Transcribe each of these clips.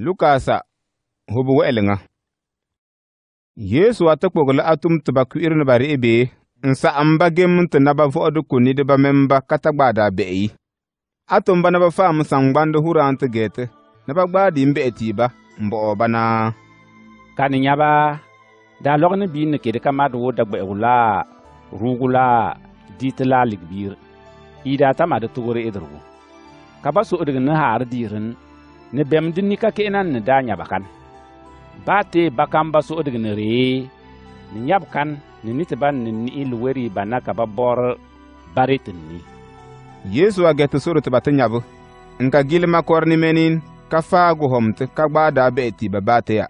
lukasa hubu we'eliŋa yeesu a ti kpogili a tum tiba kwi'iri ni ba bee n saɣim ba gem ti naba vuɣudi ku nidiba mini ka ta gbaadaa bihi a tum ba ni ba faam saŋgbandi huraan ti geeti ni ba gbaadi n bihi tiiba n buɣo ba na ka ni nyaba daa lɔg ni bii ni kedi ka madi wo dagbɛhigu laa ruugu laa diiti laa ligbiiri ii daa ta madi tugu ri'idirigu ka ba so'odigi ni haari diirin ni bɛmdi nika kihina ni daa nyaba kan baa tee bakamba suɣudigi ni ree ni nyab kan ni ni ti ban ni nihi luweri bana ka ba bɔr bari tin ni yesu a gɛti sori ti ba ti nyabu n ka gili makɔri ni menin ka faagu hɔmti ka gbaa daa bɛhi ti ba baa ya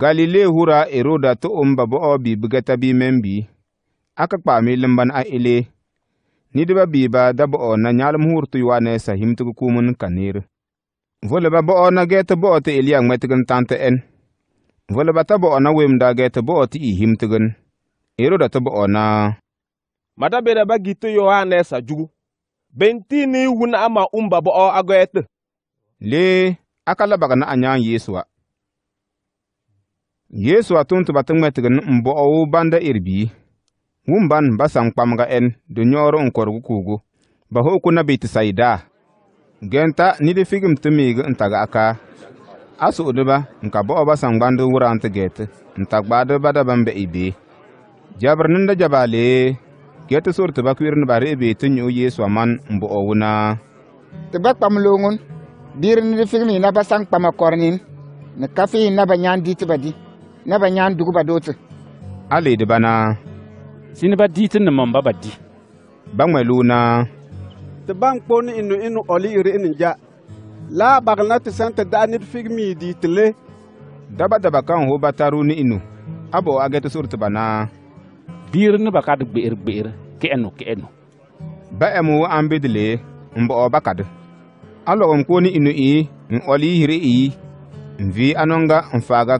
galilei hura eroda ti um ba bɔ'ɔ bi bi gɛta bi mɛn bi a ka kpaami limban a ele nidba biiba da bo'o na nyalum hur tu yuwane sa himtigu kumun kanir voleba bo'o na geti bo'o ti iliya ŋmetigin tante en voleba ta bo'o na wemda geti bo'o ti i himtigin iroda ti bo'o na mata beda ba gitu yohane sa jugu ben benti ni wun ama umba bo'o agoeti le akala baga na anyan nyaan yesuwa tun tuba ti ŋmetigin n bo'owu banda bii wumban basan kpamga en du nyoro n korgu kuugu ba hoku na bi genta nidi figim ti ntaga aka asu akaa nka bo n ka bo'o basan gbandi wuran ti geeti n ta gbaadiba daban be i bee jabir ninda jabalee geti sur ti ba kwiriniba ri'i bee ti nyu'u yeesu man na ni kafi na na dugu sini ba diti ni mɔn ba ba di. baŋmɛ luuna. ti ban kponi inu inu ɔli iri inu ja laa bagina ti sɛn ti nit fig mii dii ti le. daba daba kan ho ba taru ni inu abo age ti suri ti ba naa. biiri ni ba ka di gbeeri gbeeri kiɛnu kiɛnu. ba ɛmu an di le n bɔ'ɔ ba di. a lɔgum kponi inu ii n ɔli yihiri ii n vii anɔnga n faaga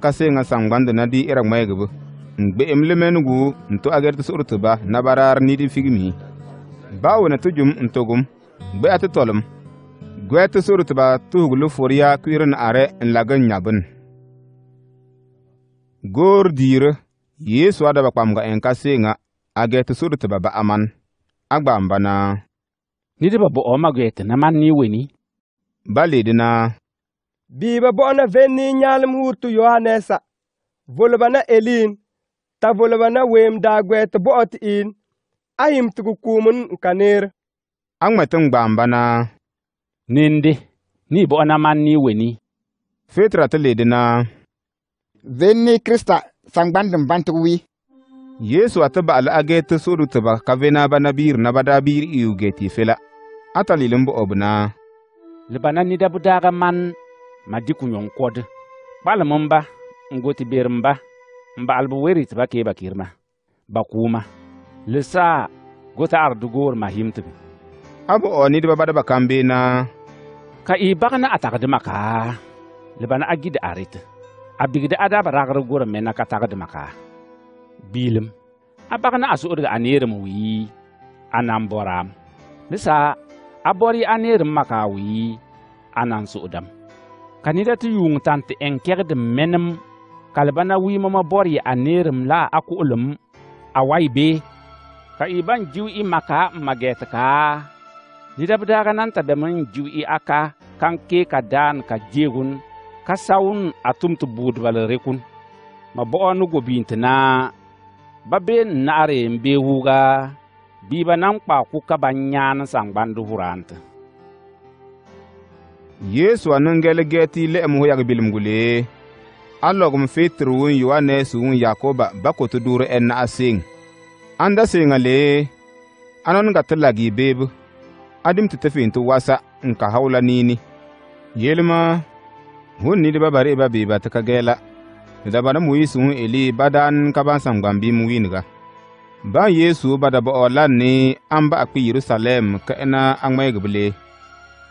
na di ira ŋmɛɛgibu. n gbe'em lemengu n tɩ agɛr tɩ sogr tɩ ba nabaraar nid n figmi baawena tɩ jum n togum gbe'a tɩ tɔlem goɛ tɩ sogr tɩ ba tʋsg lofor yaa kuɩr n arɛ n lag n yãbn goor diirɛ yeesu a daba kpamga ɛn ka seenga a gɛ tɩ sogr tɩ ba ba'aman a gbaamba naa nidba bɔ'ɔ ma gɛ tɩ na man nii weni ba leed naa bii ba bɔ'ɔ na ven nii nyaalem wur tɩ yohanɛsa volba na elin ta volba na weem daagwɛɛ ti bɔ'ɔ ti iin a yim tigi kuumin n ka neer a ŋmɛ tingbaamba na nindi ni i na man ni weni fetra ti leedi na ven ni krista sangban din ban tigi wi yesu a ti ba'ali a gee ti sodu tiba na ba nabiiri na ba daabiiri iu gee ti fela a ta lilin bɔ'ɔ bi na liba na nida bi man ma di ku nyɔŋ kɔdi kpalimimba n go n baɣalibu weri tɩ ba kee bakirima ba kuuma lisaa gota ar di goor ma yim tɩbe a bo o nidba bada ba kam beena ka ɩ bag na a tagdma kaa li ba na a gid a rɩt a bigd a daab ragr gorem me na ka tagdma kaa biilem a bag na a so'odg a neerem wii a nan boraam lisaa a bor a neerem ma kaa wii a nan so'odam ka nida tɩ yuung tãn tɩ ẽn kɛgd menem kalbana wimama bɔri a neerim la a ku'ulim a wai be ka i ban jiu i maka n ma gɛɛti kaa nidab daaga nan ta bɛm n jiu i aka kan kee ka daan ka jeegun ka sawun a tum ti buudibali rekun ma bɔ'ɔ ni gobiin ti naa ba bee n na'ari n bee wuuga biiba nan kpaa ku ka ban nyaan sangbandi vuraanti yeesu a ningɛli gɛɛti i le'em hu yag bilimgu lee a logum Petr wun Yohanes wun Yakoba bakoto dure en na asing. Anda singa le anon gata lagi bebu. Adim titafintu wasa n ka nka haula nini. Yelma hun ni ba bare ba ka ta kagela. Da bana muisu hun eli daan ka ban sam gambi muwinga. Ba Yesu bada ba lan ni an ba kpi yerusalɛm ka ina e an mai gubule.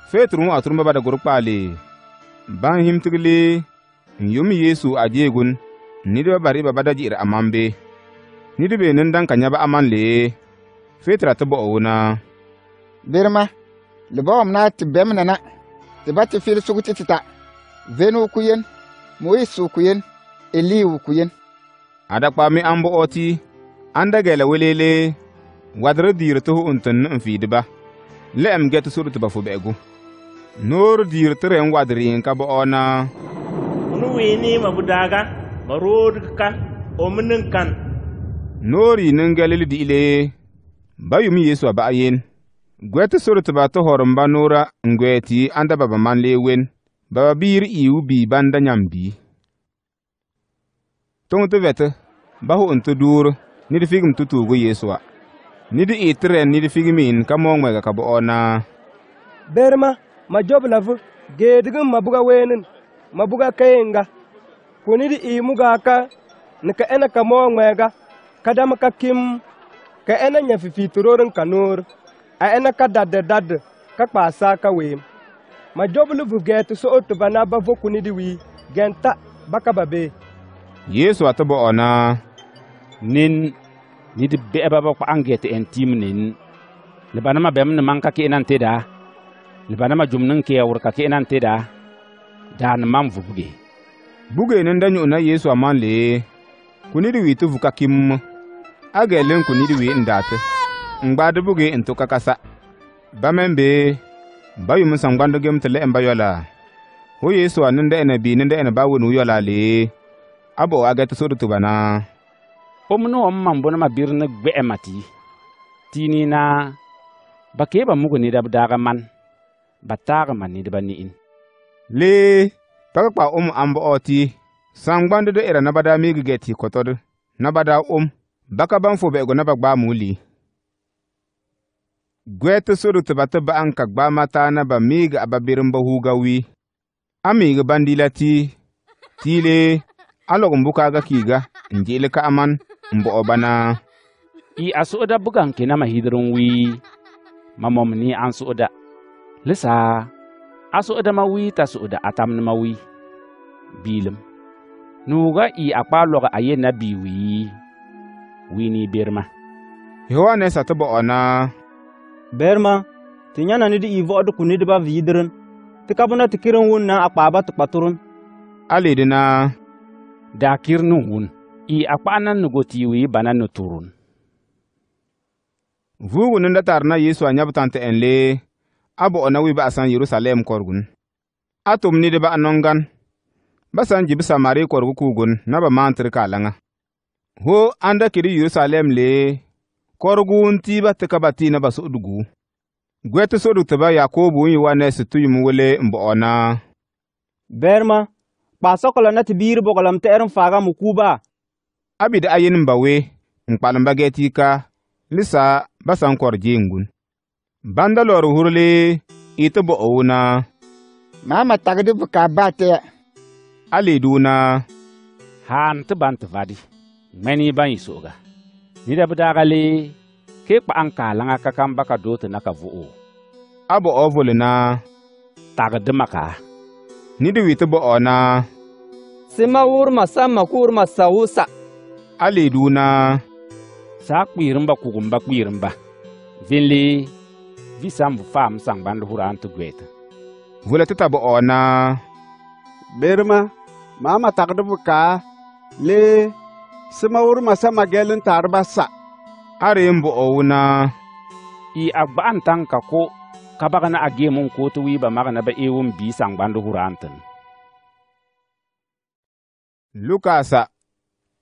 Petr wun aturma bada gurpale. Ban himtigli n yom yeesu a jeegun nidba da bada ji'ir aman be nidbe nin dan ka nyaba aman lee fetra ti bo'o wuna birma libawam na ti bemna na ti ba ti fil sugu ti ti ta venu kuyen moisu kuyen eliu kuyen ada kpami an bo'o ti an da gɛla welele wadiri diiri ti hu n tinni n fiidiba le'em gɛ ti suri ti ba fu bɛ'igu noor diiri ti ren wadiri yin ka bo'o na nu wini mabudaga marudka omninkan noori nin galili di'ile ba yumi yesu a ba'ayen gwɛti sori ti ba ti hɔrimba noora n gwɛɛ anda ba ba man lee wen ba ba biiri iiwu bii ban da nyam bii tuŋ ti vɛti ba hu n ti duuri ni di figim ti tuugu yeesu wa ni di ii ni di figimin ka moo ka bi ɔɔ naa berima ma jɔbilavu geedigin ma buga weenin mabuga kayenga kuniri ka nika ena kamo ngwega kadama ka kim ka ena nya kanur a ena ka dadde dadde ka kpasa ka we ma joblu vugetu so otuba na ba vokunidi wi genta baka babe yesu atabo ona nin nidi beba ba ko angete en timnin libanama bem ne manka ki enan teda libanama jumnin ke yawur ka ki enan teda daan mam vubuge buge nan da nyu'una yesu a man lee ku niri wi ti vuka kim a gɛɛlen ku niri wi n daati n gbaadi buge n tuka kasa ba mɛn bee ba yum san gbandi gem ti le'en ba yɔla hu yesu a da ɛna bii nin da ɛna ba wuni yɔla lee a bo a gɛ ti sori tuba na o mini wɔn man bɔna ma biri ni gbɛɛ ma tii tiini na ba kee ba mugu ni da daaga man ba taaga ma ni da ba ni'in le pek kpa um ambo oti sangbandi do era nabada mi gige ti kotod nabada um baka ban fo bego naba gba muli gwete suru tiba tiba an ka gba mata naba miga ababirin ba huga wi amiga bandila ti tile alogum buka ga kiga njele ka aman mbo bana i asuda bugan kinama hidrun wi mamom ni an suda lisa a su'udamawi t'a su'uda a tamnimawi biilim nuuga ɩ a kpaa lɔg a yenna bii wii wiini berema yehowa ne sa tɩ bɔ'ɔna berma tɩ yãna ned ɩ vo'od ku nedba viidren tɩ ka bõna tɩ kɩr n wʋnna a kpaaba tɩ kpatʋrn a leedna daa kɩr ne wʋn ɩ a kpa'a nan nugo tɩ wii bana ne tʋrʋn vũugu nenda tarna yeesu a yãb tãn tɩ ɛn le abu ona wi ba san Yerusalem korgun. Atum ni de ba anongan. Ba san jib Samari korgu kugun na ba mantir kalanga. Ho anda kiri Yerusalem le korgun ti ba tika ba ti na ba sudugu. Gwete sodu tiba Yakobu yi wa ne situ yi wole mbo ona. Berma, ba sokola na tibir bokolam ta erin faga mukuba. Abi da ayin bawe, nkpalim getika, ka, lisa basan korje ngun. banda lor hurle itu bo owuna mama tagdi bu ka bate duna han te ban vadi meni ban yi soga ni da budagale ke kpa an kalanga ka kan baka doti na ka vu'u abo ovul na tagdi maka ni di witi bo ona sima wurma sama kurma sausa ale duna sa kwirimba kugumba kwirimba vinli visam fam sang ban huran tu gwet vula ta bo ona berma mama takdu ka le sima wurma sama gelin tarba sa n ree arin bo ona i agban tan ka ko kabagana agemun ko tu wi ba magana ba n bi sang ban huran tan lukasa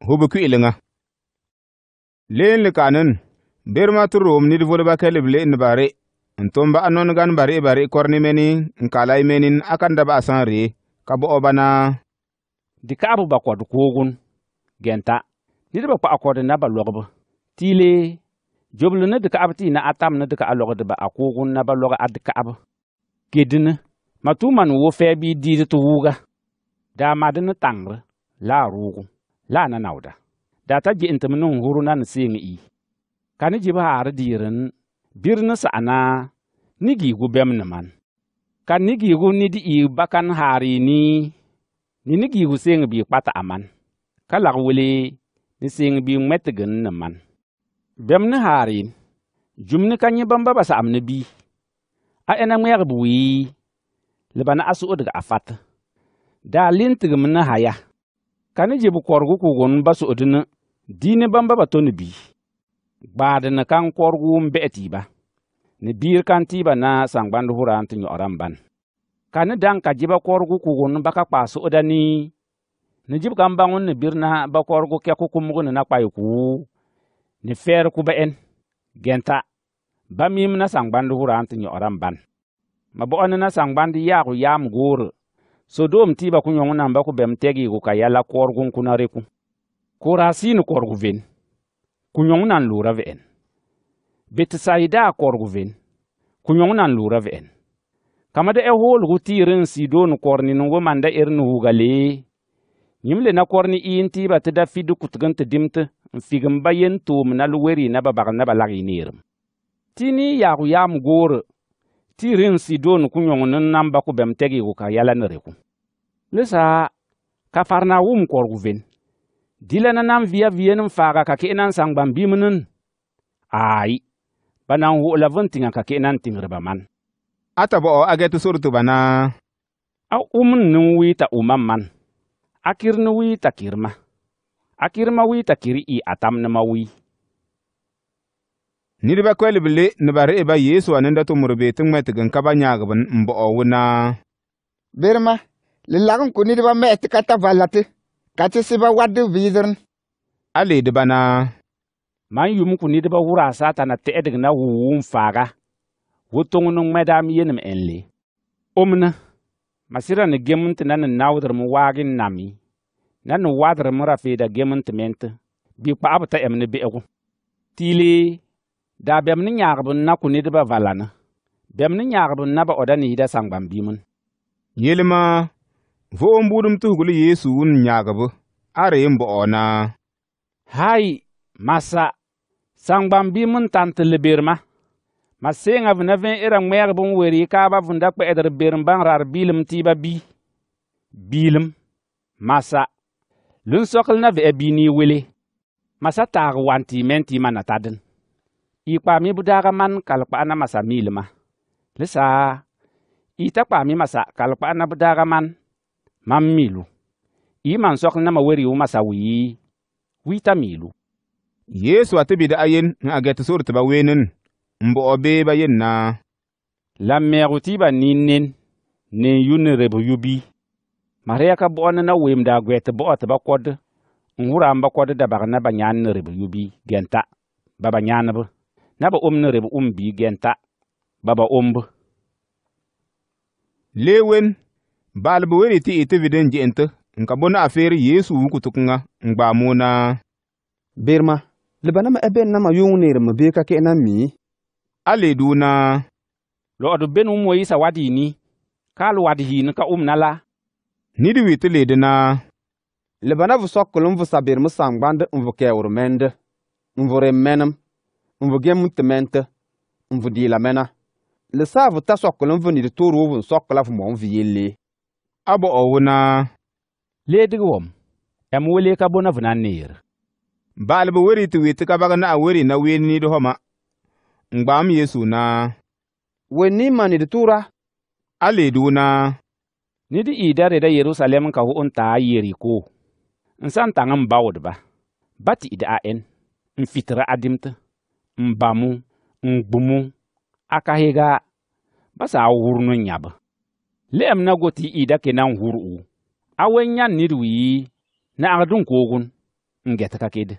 hubu ku ilinga leen likanin berma tu rom nid volba kelib leen bare ntomba anon gan bari bari korni meni nkalai menin akan daba asan re kabo obana dikaabu ba kod kuugun genta nidba kpa akodi na ba logb tiile jobli ni dikaab tɩ na a tam ni dika a logdba a kuugun na ba log a dikaab kedini ma tʋʋ wo fɛɛ bɩ diid tɩ wuuga daa madi ni tãngr la a rʋʋgu la a nanawda daa ta gɩ'en tɩm ni n hʋrʋ na ni seeŋ ii ka ni jib haar diirin bir ni sa'ana nigiigu bɛm ni man ka nigiigu ni di i bakan hari ni ni nigiigu seeŋ bi kpata a man ka lag wele ni sing bi ŋmɛtigin ni man bɛm ni haarin jumni ka nyɛ bamba ba sa'am ni bi a ɛna ŋmɛɛgibu buwi li ba na a su'udigi a fati daa lintigim ni haya ka ni jibu kɔrigu kugun ba su'udi ni diini bamba ba to ni bi. gbaadini kan kɔrigu n bihi tiiba ni biir kan tiiba na sangbandi huran ti nyɔɣira n ban ka ni dan ka jiba kɔrgu kugun ba ka kpaa suɣuda nii ni jib kan baŋun ni bir na ba kɔrgu kɛku kumugu ni na kpai ku ni fɛɛr ku ba en gɛnta ba miim na sangbandi huran ti nyɔɣira n ban ma bɔ'ɔ ni na sangbandi yaagu yaam goore sodom tiiba ku nyɔŋu nan ba ku bɛm tɛgiigu ka yala kɔrgun n ku na reku koraasini kɔrgu ven ku yõng e er na n loora vẽ'en be tɩ sayɩdaa kɔrgu ven ku yõng na n loora vẽ'en kamada e hoolgu tɩɩr n sidoon kɔrni n wemanda er n wuga lee yĩm le na kɔrni ɩɩn tɩɩba tɩ da fɩd kʋtg n tɩ dɩmt n figm ba yen toom na lweri na ba bag na ba lag y neerem tɩ ne y yaag yaam goore tɩɩr n sidoon ku yõngd n nan ba ku bɛm tɛgɩɩgu ka yɛla ne reku le saa kafarnaum kɔrgu ven dila na nan viya viyen n faaga ka kɩ nan sãn gbãn bɩɩm nin aayi ba nan wʋgla bõn tɩŋa ka kɩ nan tĩngdba man a ta bɔ'ɔ a gɛt sor tɩ bana a um n nin wɩɩ t'a umam man a kɩr ni wɩɩ t'a kɩrma a kɩrma wɩɩ t'a kɩr ɩ a tam nima wɩɩ niriba kwɛlb le ni ba re'e ba yeesu a ninda tʋmr bee tɩ ŋmɛ tɩg n ka ba nyaagbn n bɔ'ɔ wʋna berema le lagn kʋ niriba mɛ tɩ ka ta valla tɩ ka ti siba wat d vɩɩdrẽn a leedba na man yum kʋ nidba wʋraa saatana tɩ'ɛdg na wʋʋ wʋm faaga wotong n ŋmɛdaam yenem n le omna um masɩra ni gem tɩ na ni naodrem waag n nami na ni wadrem ra feeda gem tɩ ment bɩ kpaab t'a ɛm ni be'ego tiile daa bɛm ni nyaagb na kʋ nidba valana bɛm ni nyaagb na ba oda niisda sãngbãm biimen yelma vo'om budum tuhgul yeesuun nyagbu are n na hai masa sangbam bi mun tanti libirma ma seŋa vina vẽ ira ŋmɛɛg n weri kaaba vunda kpɛ'ɛdr berim ban rar biilim tiiba bi biilim masa lunsɔkl na ve'a biini wele masa taag wan tiimɛn tiima na tadin i kpaami bu daaga man kal kpa'ana masa miilima li saa i ta kpaami masa kal kpa'ana bu daaga man mam milu y man sok na ma weri uma sa wi wita milu yesu ate bida ayen n a get sor tiba wenen n bo'o beeba yen na la meegu tiiba nin nen nen yu ne reb yubi mariaka bo'o ne na weemda gwɛɛti bo'o tiba kod n wuraam ba da dabag na ba nyaan ne reb yubi gɛnta ba ba nyaaneb na ba om ne reb um bii gɛnta ba ba omb leewen balibu weni ti iti viden ji'inti nka bo na afeeri yeesu wuku tukunga ngbaa muuna birma libanama e ben nama yuŋ neerim mi bee ka ke'ena mii a leeduuna lo'odu ben wumwo yisa wadiini kaal wadhiini ka umna la nidi wi ti leedina libana vu sokul n vu sabir mi samgbandi n um vu kɛɛwur mɛnd n um vu rem menim n um vu gem ti menti n vu diila mɛna li saa vu ta sokul n vu nidi toor wo vun sokula vu mo n vu yelle abu owuna ledig wom em wele ka buna vuna nir bal weri tɩ wɩ tɩ ka bag na a weri na ni do homa n gbaam yeesu na ni mani de tʋʋra a leed wʋna i iida da yerusalem ka fu n taa ko. n sã n ba tɩ'd a ẽn n fitra a n bamu n gbumu a kasega basa saa wʋrn n le'em na goti ida kenan hur'u awen yan nirwi na agdun kogun nget kakid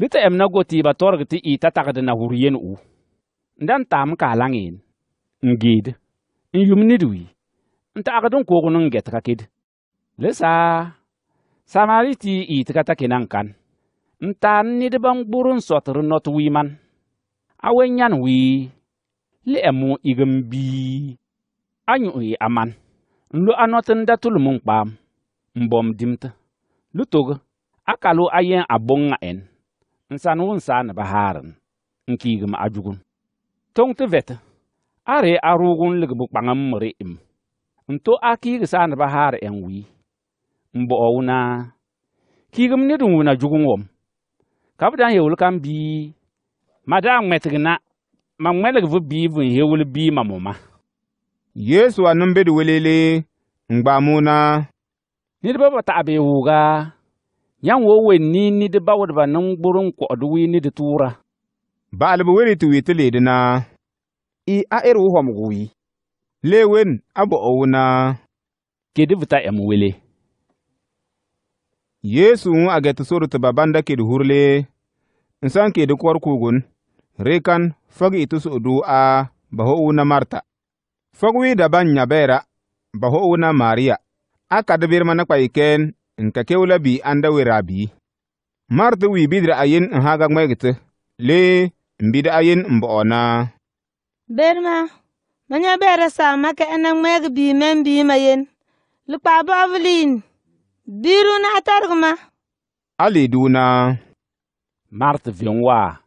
lita em na goti ba torgti i tatagd na huryen u ndan tam kalangin ngid nyum nirwi nta agdun kogun nget kakid lisa samariti i tikata kenan kan ntaan nidban gburun sotr not wiman awen yan wi le'emu igem bii anyuɣi aman n lo anɔti n da tu lumin kpaam n bɔm dimti lu togi a ka lo a yɛn a bɔŋa ɛn n san wunsaa ni bi haarin n kiigim a jugun tɔŋ ti vɛti a ree a ruugun ligibu kpaŋa n miri im n to a kiigisaa ni bi haari ɛn wii n bɔ'ɔ wunaa wuna jugun wɔm ka bi dan yewuli kam bii ma daa ŋmɛtigi na ma ŋmɛligi vi ma yesu a nimbidi welele ngba muna nidba ba ta abe wuga. yan wo ni nidi ba niŋ gburin kɔɣudi wi nidi di Ba alibu weri ti wii ti na. i a iri wu mguwi, lewen leewen a bɔ'owu na kedi vita ya wele yesu ŋu a gɛti sori ti babanda kedi hurle n san kedi kɔr kuugun rikan fagi ita su a baho na marta fogwi daban nyabera ba ho'una maria aka dibirma na kpai ken nka keula bi anda wera bi marti wi bidra ayin nhaga ngmegte le mbida ayin mboona berma manya bera sa maka ena ngmeg bi men bi mayen lukpa bavlin biru na atargma ali duna marti vinwa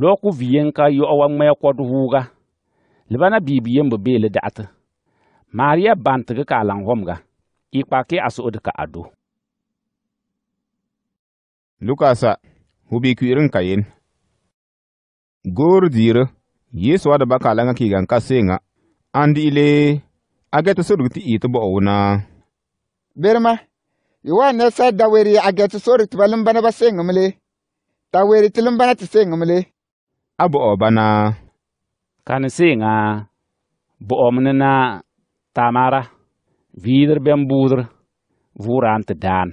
loku viyenka yo awa ngmeg kod huga lebana biibu yembu beele da'ati maariya bantigi ka a lan homga i kpaki a su'udi ka a do lukasa hubi kwirin ka yen goor diire yeesu wada ba ka langa kiigan ka seeŋa andi ile a get sorg ti ii ti bo'owu na birma yohane sa daweri a get sorg ti ba limbana ba seengim le taweri ti limbana ti seengim le a bo'o ba na Kan sɩɩngã bo'om ni na taamaara viidr bɛn buudr vuurã n tɩ daan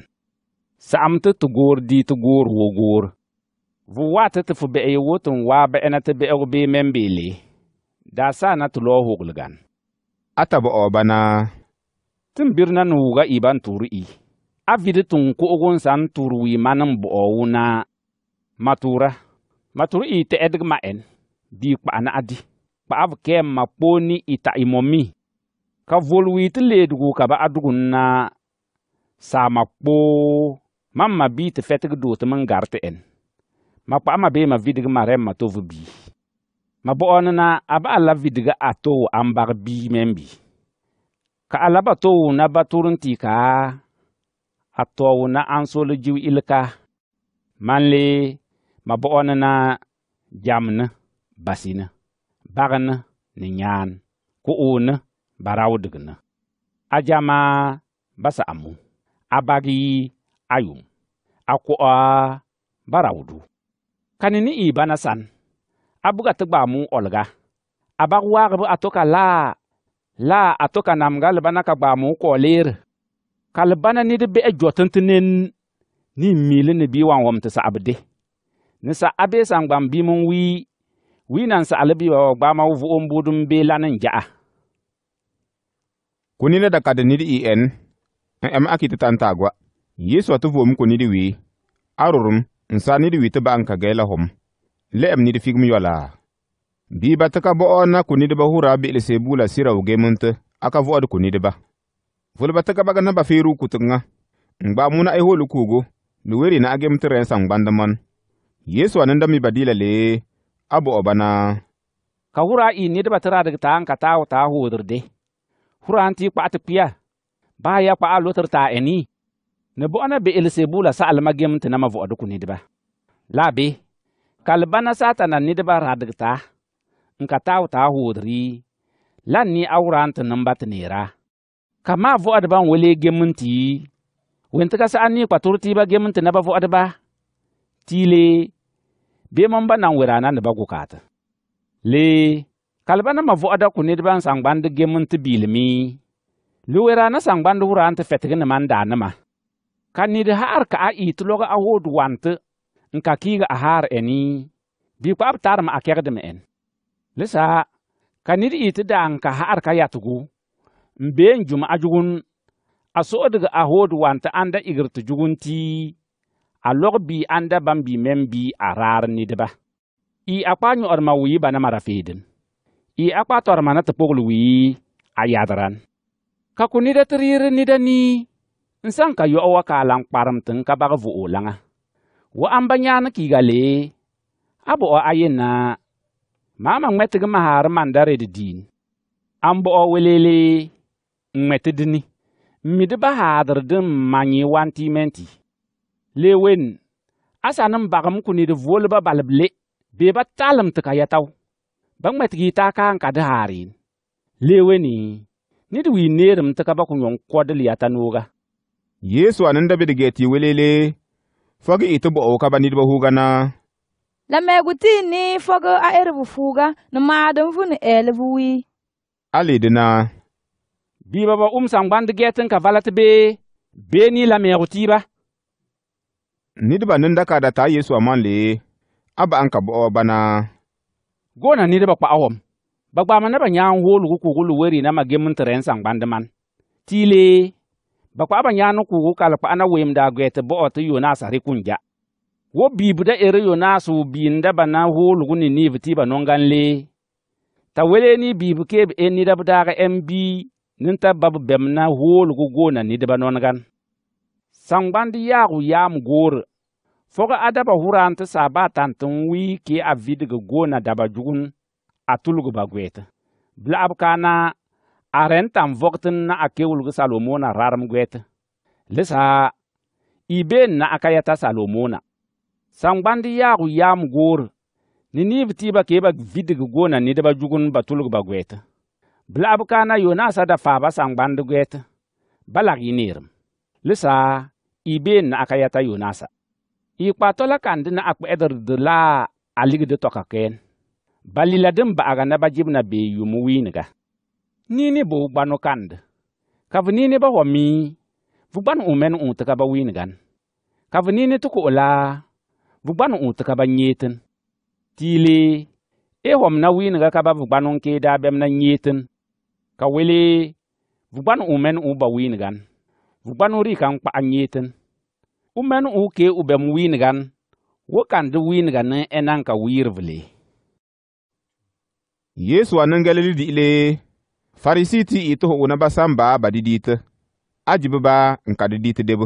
saɣam tɩ tɩ goor dii tɩ goor wo goor vu watɩ tɩ fu bɛ'ɛ woto n waa bɛ'ɛna tɩ bɛ'ɛg bee mɛn beele daasaana tɩ lɔɔ hoglgan a ta bɔ'ɔ na tɩ n bir n` ni wuga iiba n tʋʋr ii a vɩd tɩ n ko'ogo n sã n tʋʋr wɩɩ man n bɔ'ɔ wʋna ma tʋʋra ma tʋʋr ii tɛ'ɛdg ma ɛn dii kpa'ana a di kpaɣabu kɛɛ ma kpooni i taɣimɔmi ka volwi ti leedgu ka ba adugun na saa saama kpoo mam ma bii ti fɛtigi dooti n gari ti ɛn ma kpaɣa ma bee ma vidigi ma rɛm ma tovu bii ma bo'oni na a ba a la vidigi a towu an bag bii mɛn bi ka a la ba towu na ba turin tiikaa a towu na an soli jiu ilika manli ma bo'oni na jamni basini bagn ni nyaan ku'uun barawdgn a jama basa'amu a bagi ayum a ku'a barawdu kani ni ii bana san a buga tɩ olga a bag waagb a toka laa laa a toka namga ka ka be a e jɔtn ni nen ni n wan wom tɩ sagb wiinan saɣali um bi wa gbaama wu vuhum buudum bee lanin jaha ku ni la da kad di nidi i ɛn n ɛm a kiti tan taagwa yeesu a ti vuhum ku nidi wii a rurum n saa nidi wii ti ba'an ka gɛɛ la e hum le ɛm nidi figim yɔlaa biiba ba ka bɔ'ɔ na ku nidiba huraa bi'lisee buula sira wu gemun ti a ka vu'ɔdi ku nidiba vuli ba ka bag na ba feeruu ku tiŋa n gbaa muna ai holu kuugu li weri na a gem ti rɛɛsa n gbandi mɔn yeesu a nindami ba dii la lee abu obana ka hura i ni tira dig ta an ka taa hudur de hura anti kwa ti piya ba ya kwa kpa lotir ta eni ne ana be ilse bula sa alma gem ti nama vo'odu ku la be kalbana satana nidba radig ta nka taa taa hudur yi lan ni awran anti namba ti nera kama vo'od ban wele gemin ti wen ti ka sa ani kwa ti ba gemin ti naba vo'od ba tile be n ba na n werana ni ba le kalba na ma ada ku sang n sangbandi gem n ti biilimi li werana sangbandi wura n ti fɛtigi nima n daa ka niri haar ka a iiti lɔg a wood wanti n ka kiigi a haar ɛni bɩ kpa b taarim a ɛn saa ka daan ka haar ka yatɩgu n been jum a jugun a so'odigi a anda igir ti a bi anda bambi membi arar mem bɩ a raar nidba y a kpa yõodmã wɩɩ bãna mara feeden y a kpa toodmã na tɩ pʋgl wɩɩ a yadran ka kʋ nida tɩ nida nii n ka yɔg wa kaa lan kparem tɩ n ka bag vo'o lãŋa wa ãmba yãan kɩɩga le a bɔ'ɔ a yenna maama ŋmɛ masaar manda red diin an bɔ'ɔ weleele n ŋmɛ tɩ dini n mi d basaadr ma wan tɩ le wen asa nin bagam kuni di volba balib le be ba talim ti ka yatau ba gi ta kaan ka di haarin leweni nid wi nerem ti ka ba ku nyɔŋ kɔdili yata nooga yesu anin dabid geti welele fɔgi bo o ka ba nidba huuga na la mɛɛgu tii ni fɔgi a eribu fuuga ni ma fu ni ɛɛlibu wii a na. bi ba um sang di gɛtin ka vala be be ni la mɛɛgu tiiba nidba nindaka da ta yesu aman le aba anka bo bana gona nidba awom ba gbama naba nyaan ku kugulu weri na ma gemun teren sangbandi man tile. ba kpa'aba nyaanu kugu kal kpa'ana weemda gwete bo'o ti yonaasa ri kunja wo bibu da ere yu na ku ni niibu ba nongan le ta wele ni bibu ke en ni daaga en bii nin ta babu bɛm na hoolgu goona nidba nongan sangbandi yaagu yaam goor Fog a daba huram tɩ saaba tãn tɩ n wɩɩ kɩ a vɩdg goona daba jugun a tulgba goɛɛtɩ bilab kaana a rẽn tãn vog tɩ n na a keoolg salomona rarem goɛɛtɩ lesa y been na a ka yɛta salomoona sangbãnd yaag yaam goor ne niib tɩɩba keeba vɩdg goona nidba jugun ba tulgba goɛɛtɩ bilab kaana yonasa da faaba sangbãnd goɛɛtɩ balak yɩ neerem lesa y been na a ka yɛta yonasa yikpa tola kan di na a kpɛ'ɛdirdi la a ligdi tɔka kɛɛn balila din ba'aga na ba jibna bee yum wiiniga niini bo gbanu kand ka fu niini ba wa mii fu gbanu uu mɛn uu tika ba wiinigan ka fu niini ti ku'u laa fu gbanu uu tika ba nyeetin tiile e wam na wiiniga ka ba fu gbanu kee daa bɛm na nyeetin ka wele fu gbanu uu mɛn uu ba wiinigan fu gbanu ri kan kpa'a nyeetin u man u ke u bɛm wiinigan wʋkãnd wiiniga ne ẽ e na n ka wiirvle yeesu a niŋ galili di'ile farisi ti i tɩ fu na ba sãn baa ba didiitɛ a jib baa n ka didiitɩ deb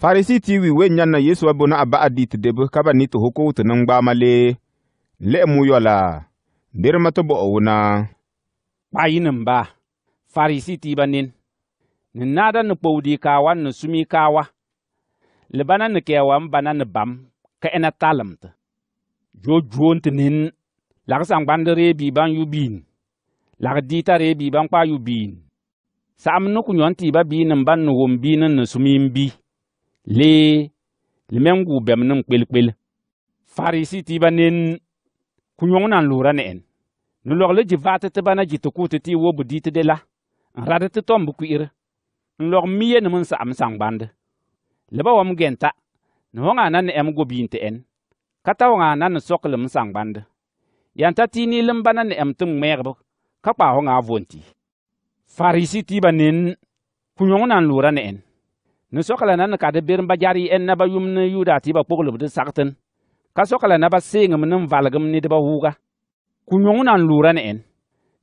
farisi ti wi wen nyanna na yeesu a bõna a ba'a diitɩ deb ka ba ni tɩ fu kʋʋ tɩ niŋgbaama le le'e mu yɔla derema tɩ bɔ'ɔ wʋna kpa yĩ nin baa farisi ti ba nin ni naada ni kpogdi kaawa ni sumi kaawa le bana ni kɛ wam bana ni bam ka ena talemte jojuon tɩ nin la g sãngbãnd ree bɩ ban yu biin la g dɩɩta ree bɩ ban kpaa yu biin sagem ni ku yõn tɩ ba biin n bãn ni wʋm biin n ni sũmiim bi le lemeng guu bɛm nin kpel-kpel farisi tɩ ba nen ku nan na n loora ne en ni lɔg le gɩ vaatɩ tɩ ba na gɩ tɩ kʋʋtɩ tɩ y wob dɩɩtɩ de la n rad tɩ tõmb kuɩr n lɔg mi yenim n sagem sãngbãnd leba wam genta ni fo ŋa nan em gobiin ti en ka ta fo ŋa nan sɔklem n sangbandi yan ta tiini lim ba nan em tim ŋmɛɛgbu ka kpaa fo ŋa vonti farisi tiiba nen kunyɔŋ nan loora ni en ni sɔkla nan ka di berim ba jari en na ba yum ni yuuda tiiba kpoglib di sagtin ka sɔkla na ba seeŋem nin valegem ni di ba wuuga kunyɔŋ nan loora ni en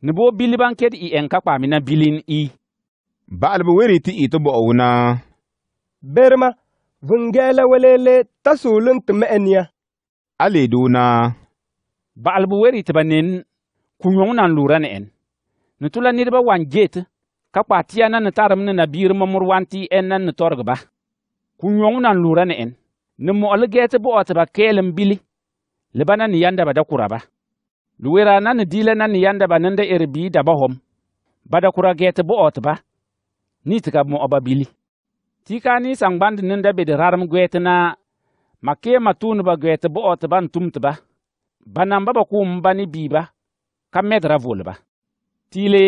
ni bo biliban ked i en ka kpaami na bilin i ba'albu weri ti i ti bɔ'ɔ wuna berma vungela welele tasulun tumenia ale duna ba'albu weri nin kunyong nan lura ne en nutula nirba wan jet ka kwatiya nan taram na bir mamur wanti en nan ba. kunyong nan lura ne en ni mo'ol geeti bo'ot ba keelum bili li na ni yandaba da kura ba luwera na ni diila na ni yandaba ninda eri bii daba hom bada kura geeti bo'ot ba ni tika mo'o bili tika ni sangbandi ninda be di rarim gwɛtina ma kee ma tuuniba gwɛti bɔ'ɔ ti ban tumtiba ba namba ba kuum ba ni biiba ka mɛdira volba tiile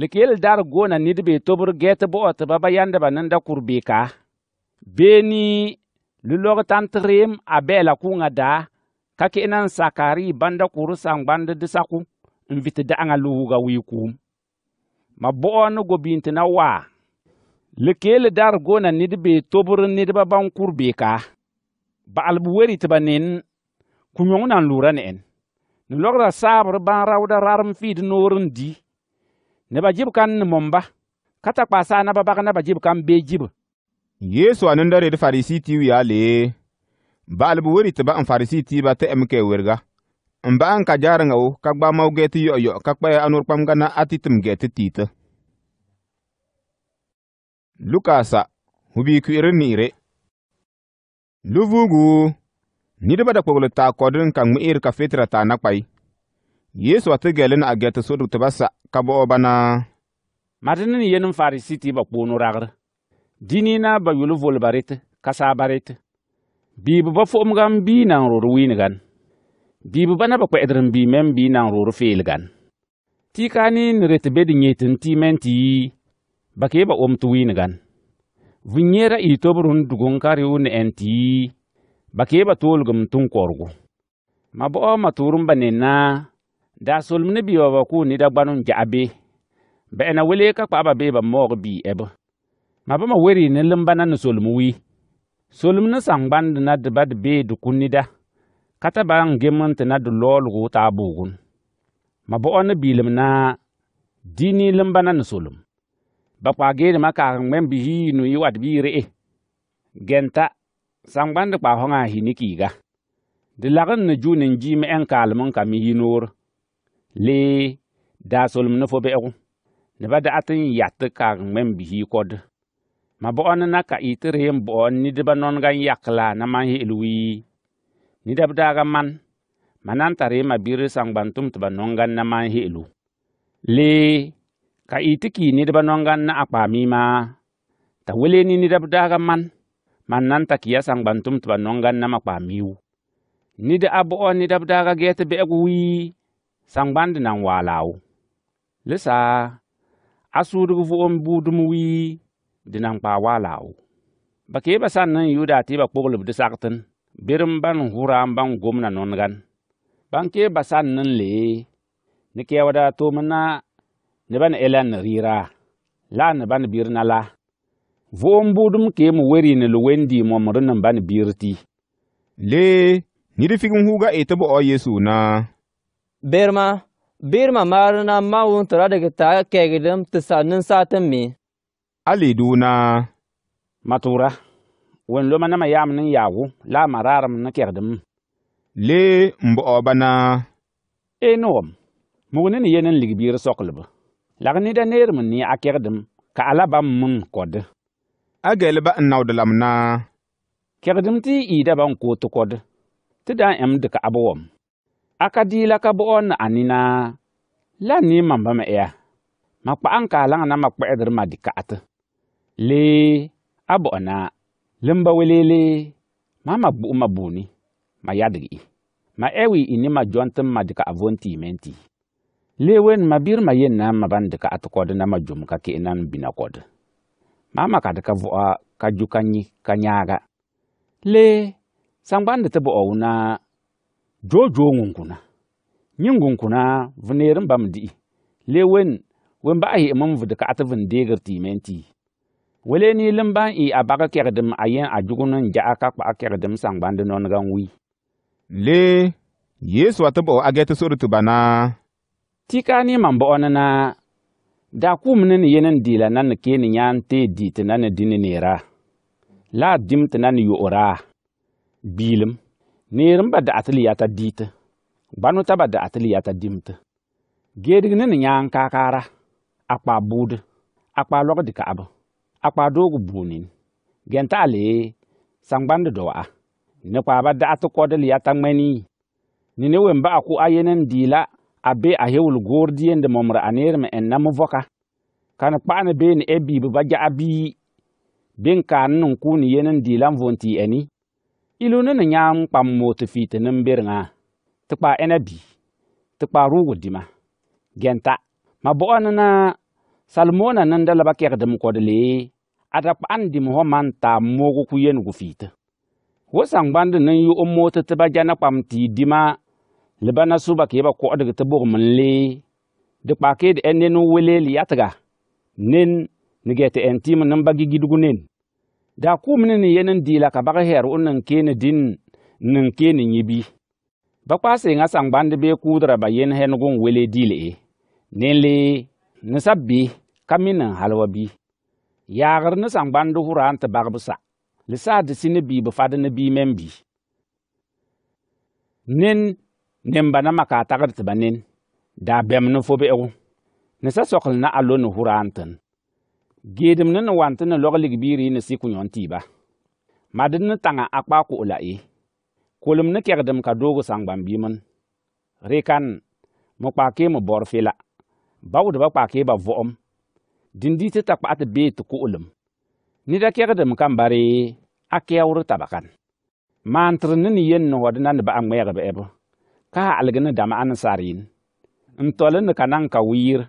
likeel dar goona nid bee tobr gɛɛti bɔ'ɔ ti ba ba yandiba ninda kur bee kaa bee ni lulɔg tant reem a bɛɛla kuuŋa daa ka ki'nan sakari banda kuru sangbandi disaku n viti da'aŋa luuga wii kuum ma bɔ'ɔ ni gobiinti na waa lekeele dar gona nid be tobr nidba ban kur beeka ba'al bu weri tɩ ba nen ku yõng na n lʋʋra ne en ne logra saabr ban rawda rarem fiid noor n di ne ba jib kan ne momba ka ta kpaa saa naba bag naba jib kan bee jib yeesu a nenda red farisi tɩ yaa lee ba'al bu weri tɩ n farisi tɩɩba tɩ em kɛ werga n ba n ka jaarẽnga wo ka gba mau gɛɛ tɩ yɔ-yɔ ka kpɛ a nor na a tɩ tɩm gɛɛ lukasa ni ire. luvugu nidba da kpogli ta kodin ka ŋmi'ir ka fetira ta nakwai. kpai yesu a ti ni a so sodug ta ba sa ka bo'o ba na matini ni yenin farisi ti ba kwonu ragar. dini na ba yuli voli ba kasa barit. Bibu ba riti gan bi fuhimga n wini na n roori ba na ba kwa n bi men bi na roro roori gan. tika kaa ni nire ta be di nyɛtin tii ti yi bakeba omtu winigan vinyera itobrun dugun kariu ne enti bakeba tolgum tun korgu ma bo'o ma turum bane na da solmne biwa ba ku ni da gbanun ja'abe ba'ena wele ka kpa ba be ba mog bi ebo ma ba ma weri ne limbana ni solmu wi solum ni sangbandi na diba di bee di kunnida ka ta ban geminti na di loolugu taa buugun ma bo'o ni biilim na dini limbana ni solum ba kwa gede ma ka ngwem bi hi nu yi wat bi re e genta sangban de kwa honga hi ni ki ga de lagan na ju nin ji me en mon ka mi yinor le da sol mun fo be e ne ba da atin yat ka ngwem bi hi kod ma bo on na ka itir yem bo on ni de ba non ga yakla na man hi elwi ni da da ga man manan tare ma biri sangban tum to ba non ga na man hi elu le ka iti ki nidba nongan na akpa mima ta wele ni nidab daga man man nan ta kiya sangbantum tba nongan na makpa miu nida abu'o nidab daga gete be'ek wi sangbandi nan walau lisa asudug vu'om budum wi dinan kpa walau ba ke ba san nan yuda ti ba kpoglib di saktin birim ban huram ban gumna nongan ban ke ba san nan le ni to mena, neba ni elan rira la ne ba bir na la vom budum ke mu weri ne lo wendi mo mo ne ban bir ti le ni di huga e tabo o yesu na berma berma ma won tra de ta kegidim ti sannin satin mi na matura wen loma manama yam nin yawo la mararam na kegdim le mbo obana enom ne yenen ligbir soklba lag g nida neerem n yãg kegdem ka a la bãmb mem kod a gɛlba n naod lame na kegdem tɩ ɩɩda bãn koot kod tɩ da n emd ka'ab wam a ka diila ka bɔ'ɔ n a nina la n nii mam bãmb ɛya e ma kpa n ka na ma kpɛ'ɛdr ma dɩka'at lee a bɔ'ɔna lemba weleele ma ma gbu'u ma buuni ma yadg-y ma ɛwi e ini ma jɔntɩm ma dɩka a von tɩɩme n tɩ lewen ma bir ma yen na ma ban ka at kod na ma jum ka ke nan bina kod ma ka de ka vo ka ju ka nyi ka nyaga le sangban de tebo na. jojo ngunkuna nyingun kuna vnerin bam di lewen wen ba yi mun vudu ka at vin degar menti. wale ni limban i a baka kerdim a yen a jugunin ja aka kpa kerdim sangban de non gan wi le yesu atabo agete suru tika ni man bo'oni na da ku ni ni yinin dila ke ni yan te di ti na ni dini ra la dim te na ni ora bilim nerin ba da atili yata diti gbanu ta ba da ta yata dimti gedig ni ni nyan kakara akpa budi akpa logdi ka'abu akpa dogu bunin genta ale sangbandi do'a ni kwa ba da ati kodili yata ngmeni ni ni wemba aku ayenin dila a be a hewul goor diyende momra anerme en namu voka kana kpa'ani beeni e biibi ba ja'a bii bin kaani nin kuuni yenin vonti eni ilu ni nyam nyaam kpam mooti fiiti nin biriŋa ti ena dima genta ma bo na salmona nin da laba kegdim kodili ada an di mo man taa moogu ku gu fite wo sangbandi nin yu'u mooti ti jana pam ti dima lebana suba ke ba ko adga tabo man le de ke de enne no wele li tiga. nen nigete entim nan bagi gidugu nen da ku min ni yenen dila ka baga her unnan kene din nan ni nyibi ba kwase nga sang bande be kudra ba yen hen gon wele dile nen le nisabbi kaminan halwa bi yagar ni sang bandu huran ta bagbusa lisa de sine bi ba fada na bi men bi nen nemba na maka tagd tɩ ba nin daa bɛm ne fo be'ego ne sa na a lo ni huraan tɩn geedem ne ne wan tɩ ne lɔg ligbiiri ne sɩk yõn tɩɩba madɩd ne tãŋa a kpaa ko'o la ye kolem ne kɛgdem ka doogo sãngbãm rɩkan me kpaa kee me bɔr fela baodba kpaa kee ba vo'om dĩndiitɩ t'a kpaa tɩ bee tɩ ko'olem ni da kɛgdem kan bare a kɛɛoor taba kan yen ne wa dɩ na a ba'a ŋmɛɛg bɛ'ɛb a algi ni dama ani sarin n toli ni ka naŋ ka wiir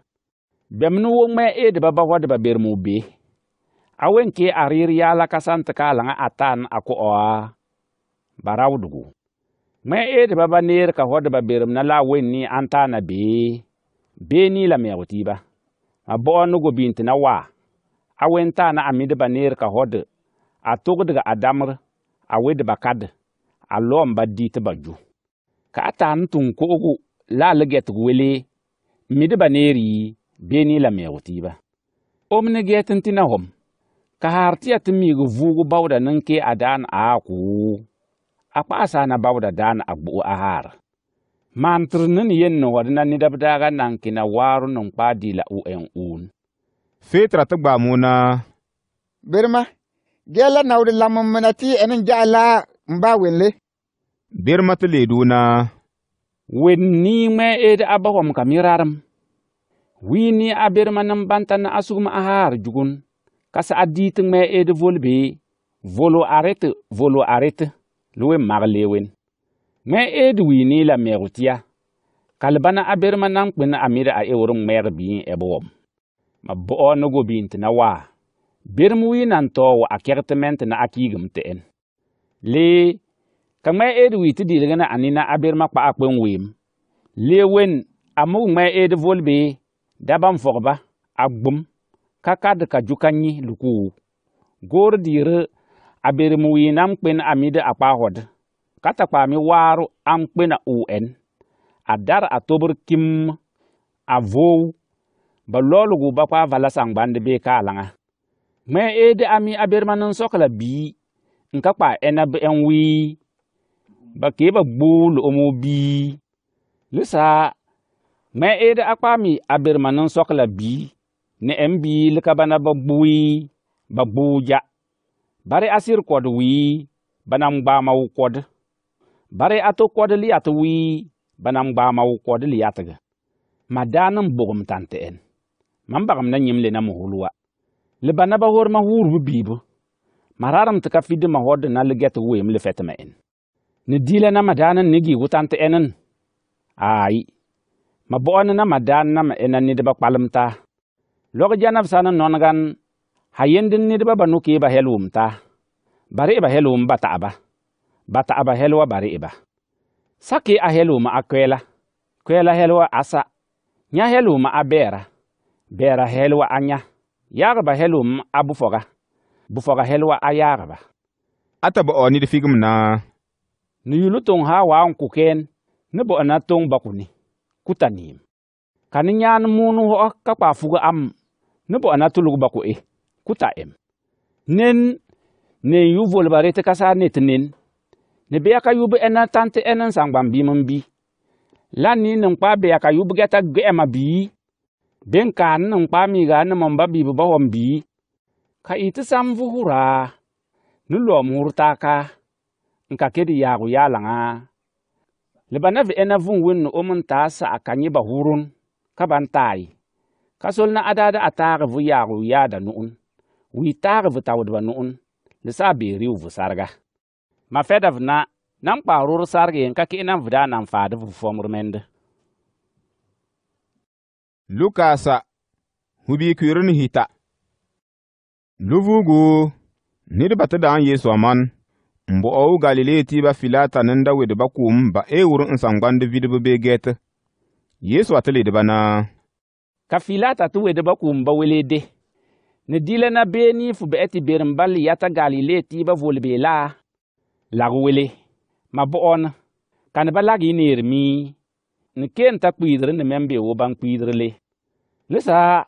bɛm ni wo ŋmɛ eediba ba hɔdiba beremu be a wen ke a riir yaala ka san ti ka a taan a ku ɔa barawdugu ŋmɛ eediba ba e neer ka hɔdiba berem na la a wen ni an taana bee bee nii la mɛɛgu tiiba ma bɔ'ɔ ni gobiin ti na waa a wen taana a midiba neer ka hɔdi a togdiga a damr a ba kad a lɔm ba di ti ba ju ka a taan tʋng ko'ogu la a ligɛtg wele midba neer yi bee nii la mɛɛgu tiiba om ni gɛɛt n tɩ na hom ka haar tɩ ya tɩ miig vuugu baoda nin kee a daan aakʋʋ a kpaasa na baoda daan a gbu'u a haar maantr nin yen ni wad na nidb daaga na n kina waaru nin kpaa diila u ɛn uun feetra tɩ gbaam wuna birma gɛɛ la naod lam mina tɩ ɛn n jaa la n baa wenle Birma ti leduna. Wed nii ŋmɛ ed abahom kam yi wii Wiini a birma nim banta na asugum haar jugun. ka Kasa a dii ti ŋmɛ ed vol bee. Volo arete volo arete. Luwe maglewen. Ŋmɛ ed wiini la mɛgutia. Kalbana a berma nan kpin amir a ewrum ŋmɛr bii ebwom. Ma bo'o ni go biin ti na waa. Birm wii nan toowo a kegtəmɛn ti na a kiigəm tə'en. Lee ka ŋmɛ eedi wii ti diiligi na a nina a kpa kpa'a kpin wiim wen amu mug ŋmɛ volbe vol daban fɔgba a kakad ka kadi ka ju ka nyi lukuu goor diiri a berim wiinam amide a kpa a kpaa am a dar a tobir kim a vow. ba lɔɔligu ba kpaa vala sangbandi be kaa laŋa ŋmɛ eedi a mi n ka kpaa ba ke ba gboo lo'omo bii lisaa ma eed a kpaami a birima ninsɔgela bii ni ɛn bii lika bana ba gbui ba gbuuja bari a sir kɔd wii ba na ŋgbaama wu kɔd bari a to kɔd liyat wii ba na ŋgbaama wu kɔd liyatigi ma daa ni bogum tanti ɛn man bagum na nyim le na muhulu wa li ba na ba horima wuuribu biibu ma rarim ti ka fidi ma hɔdi na li gɛti weem li fɛtima ɛn ni dila na madanin nigi wutan enan ai ayi ma bo'oni na madan na enan enan deba kwalamta log janab sana nongan hayendin yindin deba ba ba helumta ta bari helum bata aba bata aba helwa bari iba saki a helum a kwela helwa asa nya helum abera, bera helwa anya, yarba helum helwum a bufoga helwa ayarba, ataba oni de figum na ni yulu tong ha wan ku ken ni bo na tong ba ku ni ta kuni kutanim kani nyan munu ho ka pa fuga am ni bo na tulug ba ku e eh, ta em nen ne yu vol bare te kasa ne nen ne be ka yubu ena tante ena sangbam bi mun bi la ni nin kpa be ka yubu geta gema bi ben kan nin kpa mi ga ni mon ba bi ba hon bi ka iti sam vuhura ni lo murta ka n ka ket yaagu yaalãngã la ba na vɩ ẽna vũn wẽnno om n taa sa'a ka yẽ ba wʋrʋn ka ban taay ka sol na a daada a taag vʋ yaagu yaada nu'un wɩɩ taag vɩ taoodba nu'un la sã a beeg rɩ vʋ sarga fɛda v na na n kpaag rʋr sarg yen ka kɩ na n vɩda a nan faad vʋ fɔmr mɛnd lukaasa fu biikwɩr ni hita lu-vuugu nidba da n yɩɩ soaman galilee galileti ba filata da wed ba kum ba ewur n sangbandi vidb bee gɛti yeesu a ti lediba na ka filata ti wed ba kum ba welede ni dila na bee nii fu be ti berim ba liyata galileti ba voli bee laa lagi wele ma bo'on ka ni ba lagi neeri mii ni ken ta kpiidiri ni mem bee wo ban kpiidiri le lisa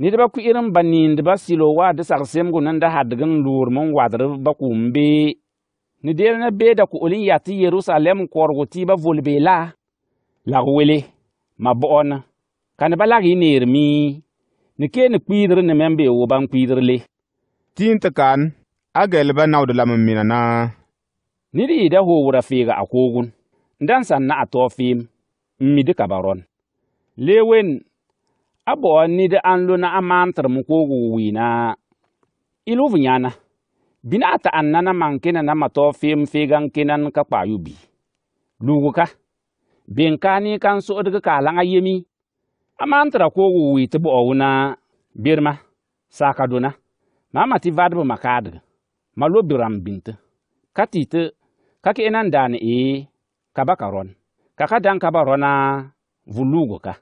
nidba ku'irin ba niindiba silo waa di sagesemgu nin da hadg n luur n wadr ba kum bee ne del na beeda ko olin ya ti yerusalem korgo ti ba volbe la lag wele ma bo'on ka ne ba lag yi neer mi ne kee ne kpiidr ne men be wo ban kpiidr le tiin ti kaan a gɛl ba naod la min mina na ned yɩɩda hoowura fɩɩga a koogun n dan san na a tɔɔ fɩɩm n midi ka ba rɔn lee wen a bo'on nid an lona a maan tɩrem koogu wiina iluv yãna bina ta an nana man kina na mato fim figan kinan ka kwayubi lugu ka bin kani kan su odga kalan ayemi aman tara ko wuwi tibu owuna birma sakaduna mama ti vadbu makadga malo biram binta katite kaki inan dani e kaba karon kaka dan kaba rona vulugo ka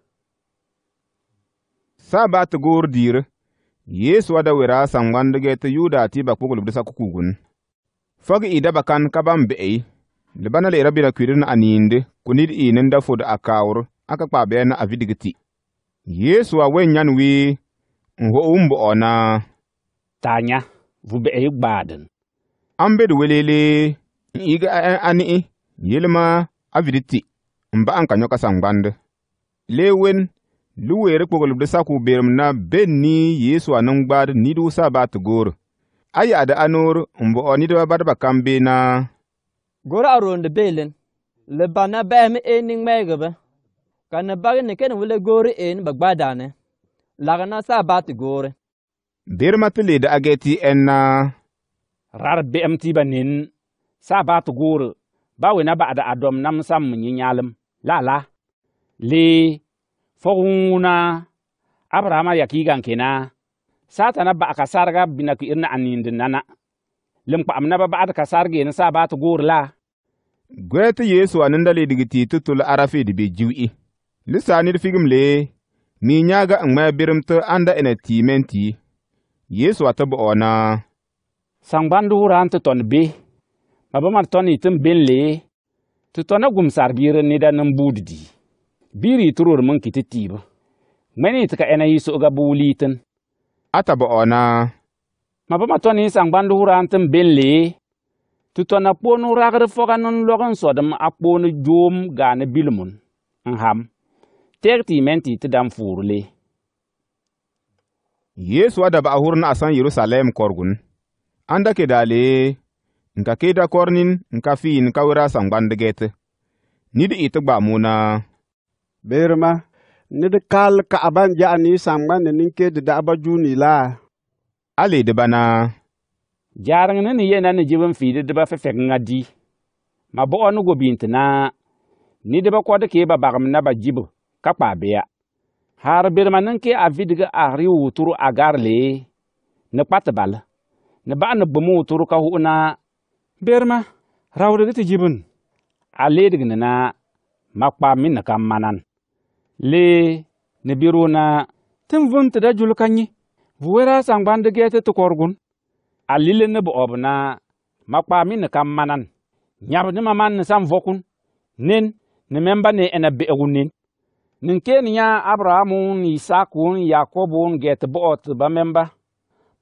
sabat gur dire yesu ada wera sangbandige ti yuda ti ba kpugul bisa ku kugun fog ida bakan kaban be'ei libana le'era bira kwirin aniindi kunid iinin da fod a kaawur aka kpa beena a vidig ti yesu a wen nyan wii n ho'un bo'o na taanya vu be'ei gbaadin an bed welele n iigi a ni'i yelma a vidid ti n ba'an ka nyo ka sangbandi wen luwere kpogolum de saku berem na be ni yesu anan gbad nidu sa ba tugur ayi ada anur mbo o nidu ba ba kambe na gora aron de belen le bana ba mi eni ngmege ba kan na bagi ne ken wule gori en ba gbada ne la gana sa ba tugur berma tile da ageti en na rar be mti ba nin sa ba tugur ba we na ba ada adom nam sam nyinyalem la la li fo wuna abrahama yakigan kena satana ba ka sarga bina ki irna anindin nana lim kpam naba ba'd ka sarge ni sa ba ta gorla gwete yesu anindale digiti tutul arafi di be jiwi lisanir figim le ni nyaga ngma birimto anda ina timenti yesu atabo ona sangbandu ran to ton be baba mar ton itim benle to tona gum sarbirin ni da nan budidi biri turur mun kiti tiba meni tika ena yiso ga bulitin ata bo ona ma ba matoni sang bandu hurantin benle tuto na ponu ragre foga a ponu jom gane bilmun nham tekti menti tidam furle yesu ada ba hurna asan yerusalem korgun anda ke dale nka keda kornin nka fi nka wira sangbandegete nidi iti beerema ned kaal kaɣaba n ja'ani sambani ninkeedi daɣaba juuni laa a leediba naa jaariŋ ni ni yena ni jibin fiidi diba fefegiŋa di ma bo'o ni gobiinti naa ni diba kodi kee ba bagim na ba jib ka kpaa biya haar birima nin kee a vidigi a ri wuturu a garlee ni kpati bal ni ba'a ni bum wuturu ka hu'u naa birima rawdigi ti jibn a leedg ni naa ma kpaa mi ni kan manan li ni biruna tin vun ti da jul kanyi vuwera sangbandi geti ti korgun a lile ni bu ob na makpami ni kam manan nyab ni maman ni san vokun nin ni memba e ni ena be'egun nin nin ken nya abrahamun isakun yakobun geti bu ot ba memba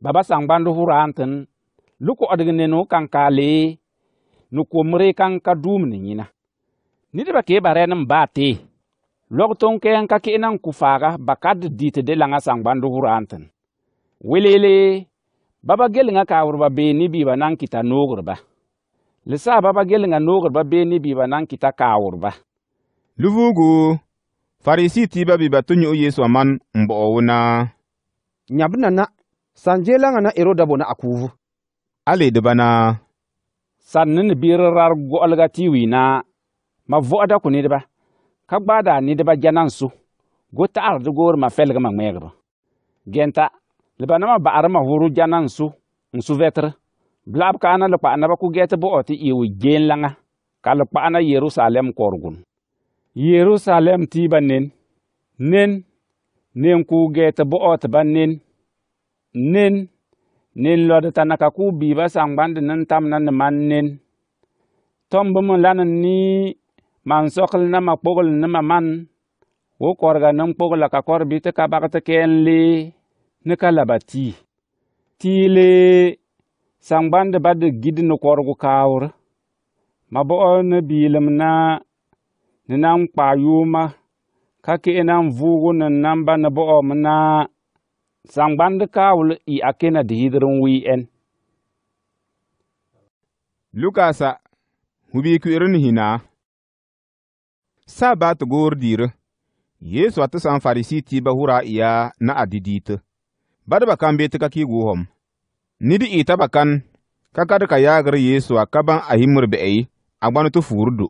baba sangbandi hurantin luku odgi ninu kanka li ni komri ka dum ni nyina ni diba ke bare nin ba te log tõn kẽen ka kɩ nan ku faaga bakad dɩt de lãngã sãngbãnd wʋrã tɩn weleele baba gelngã kaoorba bee ne bɩ ba nan kɩta noogrba lesa baba gelngã noogrba bee ne bɩ ba nan kɩta kaoorba luvuugu farisi tɩ ba bɩ ba tɩ yõ yeesu wã man n bo'o wʋna yãb nana sãn jeelãngã na eroda bona a kuubu a ba na sãn ne ne bɩɩr rar go'olga tɩ y wɩɩna ma vo'da kõ nedba ka gbaada nidba jɛnan su go taɣaridi goorima fɛligima ŋmɛɛgiba gɛnta libanima baɣarima vuru jɛnan su n su vɛtr vɛtiri bilab kaana likpaɣanaba ku gɛti bɔ'ɔ ti iiwi geen laŋa ka likpaɣana yerusalɛm kɔrgun yerusalɛm tiiba nen nen nen ku gɛti bɔ'ɔ tiba nen nen nen lɔdi ta naka ku biiba sangbandi nin tamna ni man nen tɔmb mi la ni man sokl na ma kpogl ni ma man wo korga nin kpogla ka bi ti ka bak ti kenli ni ka laba tii tiile sangbandi ba di gidi ni korgu kawr ma bo'o ni biilim na ni nan kpa yuuma ka ki'i e nan vuugu nin namba ni bo'o mi na sangbandi kawul i a kina di hidirin wi'en lukasa hubi ku'irin er hina sabat goor dire yesu ta san farisi ba hura iya na adidite bada bakan beti kaki guhom nidi ita bakan kakar ka yagar yesu a kaban ahimur be'ei a gbanu tu furdu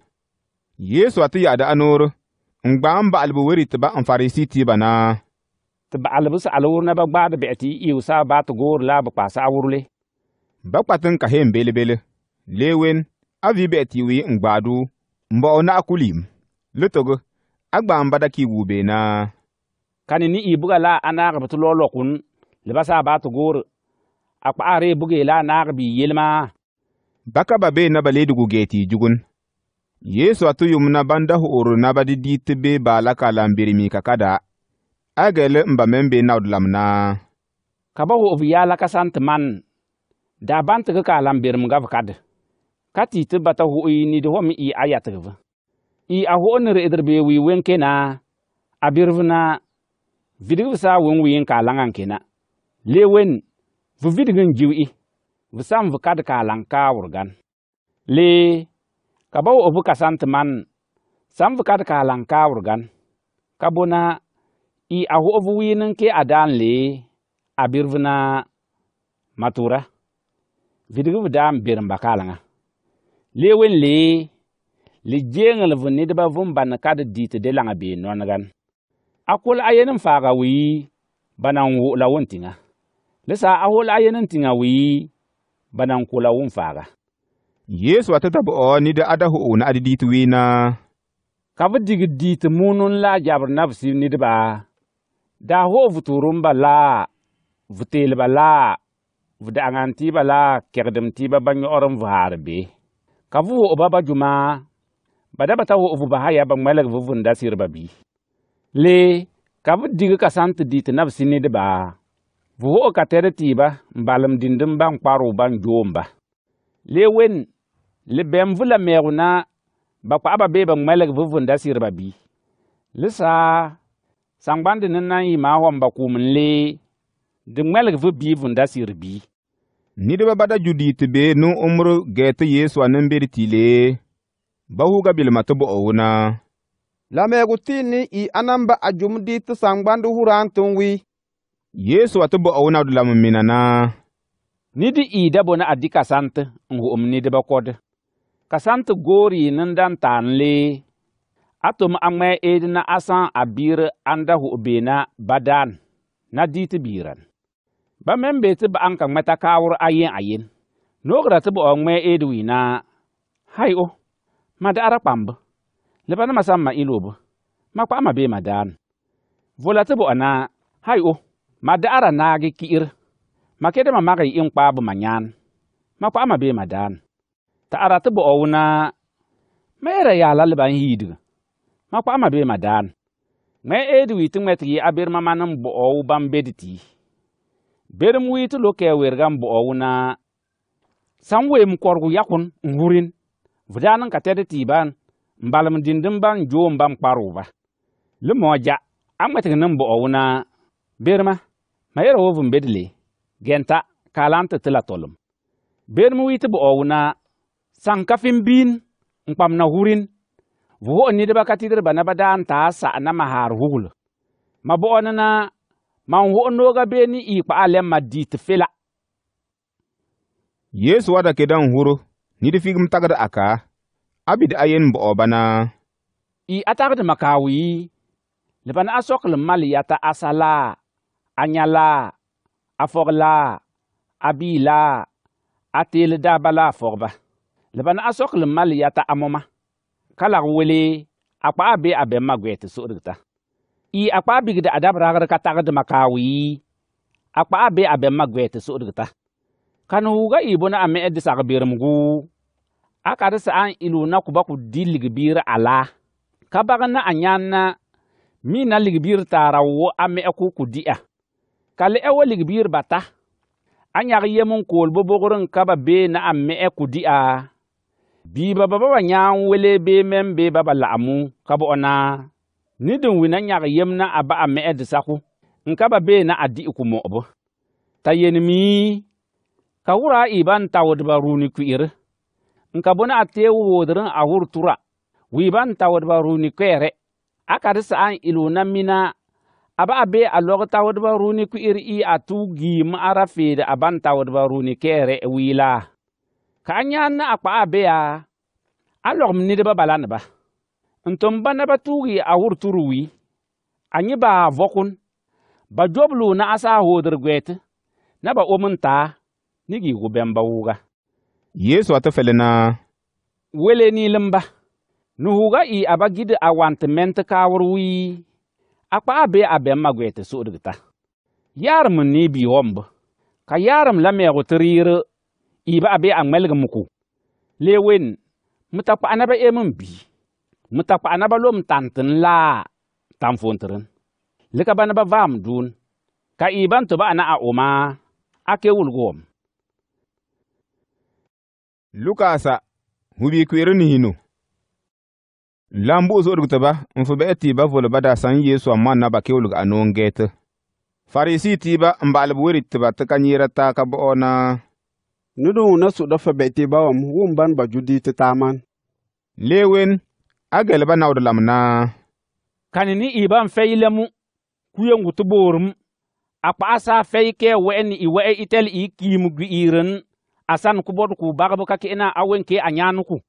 yesu ati yada anor ngba an ba albu weri ba an farisi ba na tiba albu sa alwur na ba gbada be'eti iu sabat goor la ba a awurle ba kpatin ka hen bele bele lewen avi be'eti wi gbadu mbo na akulim lotogo a gbaam bada ki wube na kani ni i buga la a naagb tɩ lɔɔ lɔkun lebasa a baa tɩ goore a kpaare buge la a naag bɩ yelma baka ba bee naba leedgu gee tɩ y jugun yeesu a tɩ yʋmna bãnda hoor naba dɩ dɩɩ tɩ bee baala ka la n beremi ka kada a gɛl n ba me bee na ka ba ho'v yaa la ka sãn man daa bãn tɩg ka a la n berem gavkad ka tɩ tɩ bata ho'i nid fom ɩ a i a ne idr be wi wen kena a birvna vidig sa wen wiin ka langan kena le wen vu vidigin jiw i vu sam vu kad ka lang ka wurgan le ka bau obu kasant man sam vu kad ka lang ka wurgan ka bona i a ho'ovu wiinin ke a daan le a birvna matura vidig vu daan birin bakalaŋa le wen le li jeŋelv nedba vun ban ka kad diit de laŋa bee nɔnegan a kol a n faaga wii ba nan wu'la n tiŋa li saa a hol a n tiŋa wii ba nan kola n faaga yeesu a tata bo'o ni da ada ho'o na adi diit wiina ka bi dig diit muunun la a jabr nabsi nidba daa ho'o vutuurum ba laa vuteelba laa vuda'aŋan tiiba laa kegdem tiiba ba nyɔ'ɔrem haar be ka vu wo'oba ba jumaa ba da bata wo ba haya ba ngmalag vu vun da sir ba bi le ka bu dig ka sant di ti nab sini di ba vu ho ka tere ti ba mbalam dindim ba nkwaru ba njomba le wen le bem vula meruna ba kwa ba be ba ngmalag vu vun da sir ba bi le sa sangbandi ni nan yi ma hom ba kumin le di ngmalag vu bi da sir bi Nidiba bada judi ti be nu umru geti Yesu anin bir ti le bahuga bilmatu bo'owuna ni i anamba a tu sangbandu hurantungwi tun wi yesu atu bo'owuna du lamu minana nidi ida bona adi kasant n hu'um nidiba kod kasant gori nin dan taan lee a tʋm a ŋmɛɛ eed na hu beena badan na diti biran ba membe be ba anka ka kawur ayen ayen a yen a yen noogra tɩ ba wa ma daara kpambu leba ni ma sãn ma ilobu ma kpa'ama bee ma daan vola tɩ bo'o naa hai o ma daara naagi ki'ir ma keda ma magi n kpaabu ma nyaan ma kpa'ama bee ma daan t'a ara tɩ bo'o wuna ma era yaala leba n yiidga ma kpa'ama bee ma daan ŋmɛ eedi wii tɩ ŋmɛ tɩ yɩ a berema man n bo'o wu ban bedi tɩ yi berem wii tɩ lo-kɛɛ werga n bo'o wuna san weem kɔrgu yakun n hurin vudaan n ka tɛd tɩ baan n balem dĩndin bãmb joom bãmb kparʋʋba le ja a ŋmɛtg nin bɔ'ɔ wuna beerema ma yɛra wo vun bed le gɛnta kaalam tɩ tɩ la tɔlem beerem wɩɩ tɩ bɔ'ɔ wuna sãn ka fɩm biin n kpam na hurin vu ho'o nidba ka tidrba na daa n taa sa'ana ma haar hugl ma bɔ'ɔ nina man ho'o nooga bee ni ɩɩ kpa'a lɛm ma dii tɩ fela yeesu wada kedan huro figum tagad aka abid ayen bo bana i atagd makawi leban asok le mali yata asala anyala afogla abila atel dabala afogba leban asok le mali yata amoma kala wele akpa abe abe magwet sodgta i akpa bigda adab ragr ka makawi akpa abe abe magwet sodgta kanu huga ibu na ame edi sak biremgu akari an ilu na kuba ku di ligbir ala kabag na anyan na mi na ligbir tara wo ame ku ku a. kali ewo ligbir bata anyag yemun kool bobogrin kaba be na ame ku di'a bi ba ba nyan wele be mem be ba ba la'amu kaba ona ni din wina nyag yem na aba ame edi saku nka ba be na adi ku obo ta yenmi ka ba n tawdba bo na nka teew a n ɦà a wii tura n tawdba runi kweere a karə sa'an na mina ba a bee a lɔg tawdba runi kwi'r i a tuu giim ba n a ban tawdba runi keere wiilaa ka a nyaan na a kpaɦ ɦà beya a lɔgm nidba bala nəba n tom ba na tuugi a ɦà turu wii a nyi baa bà ba wu na a saa hoodr gwɛɛt na ba n taa nigi gu bemba wuga yesu atu wele ni lemba nuhuga i abagidi gidi a wanti menti kawur wi a kpa be a bemma gwete su'udgita yarum ni bi wombu ka yarum la megu ti riri i ba be a ŋmelgim lewen mi ta kpa naba emin bi mi anaba e kpa naba lom tantin la tanfontirin lika banaba naba vam dun ka i ban tuba ana a oma a ke wulgu lukasa hubi kwiri ni hino lambu so urugta ba nfu be ti ba volo bada san yesu amma na ba kewul ga non gete farisi ti ba mbal bu wiri ti ba ta kanyira ta ka bo na nudu na su dafa be ti ba wam wum ban ba judi ta taman lewen agel ba nawdo lamna kanini iban feilemu kuyengu tuborum akpa asa fei ke weni iwe itel ikimu giiren asan ku bod ku bagbo ka ke ina awen ke anyanu ku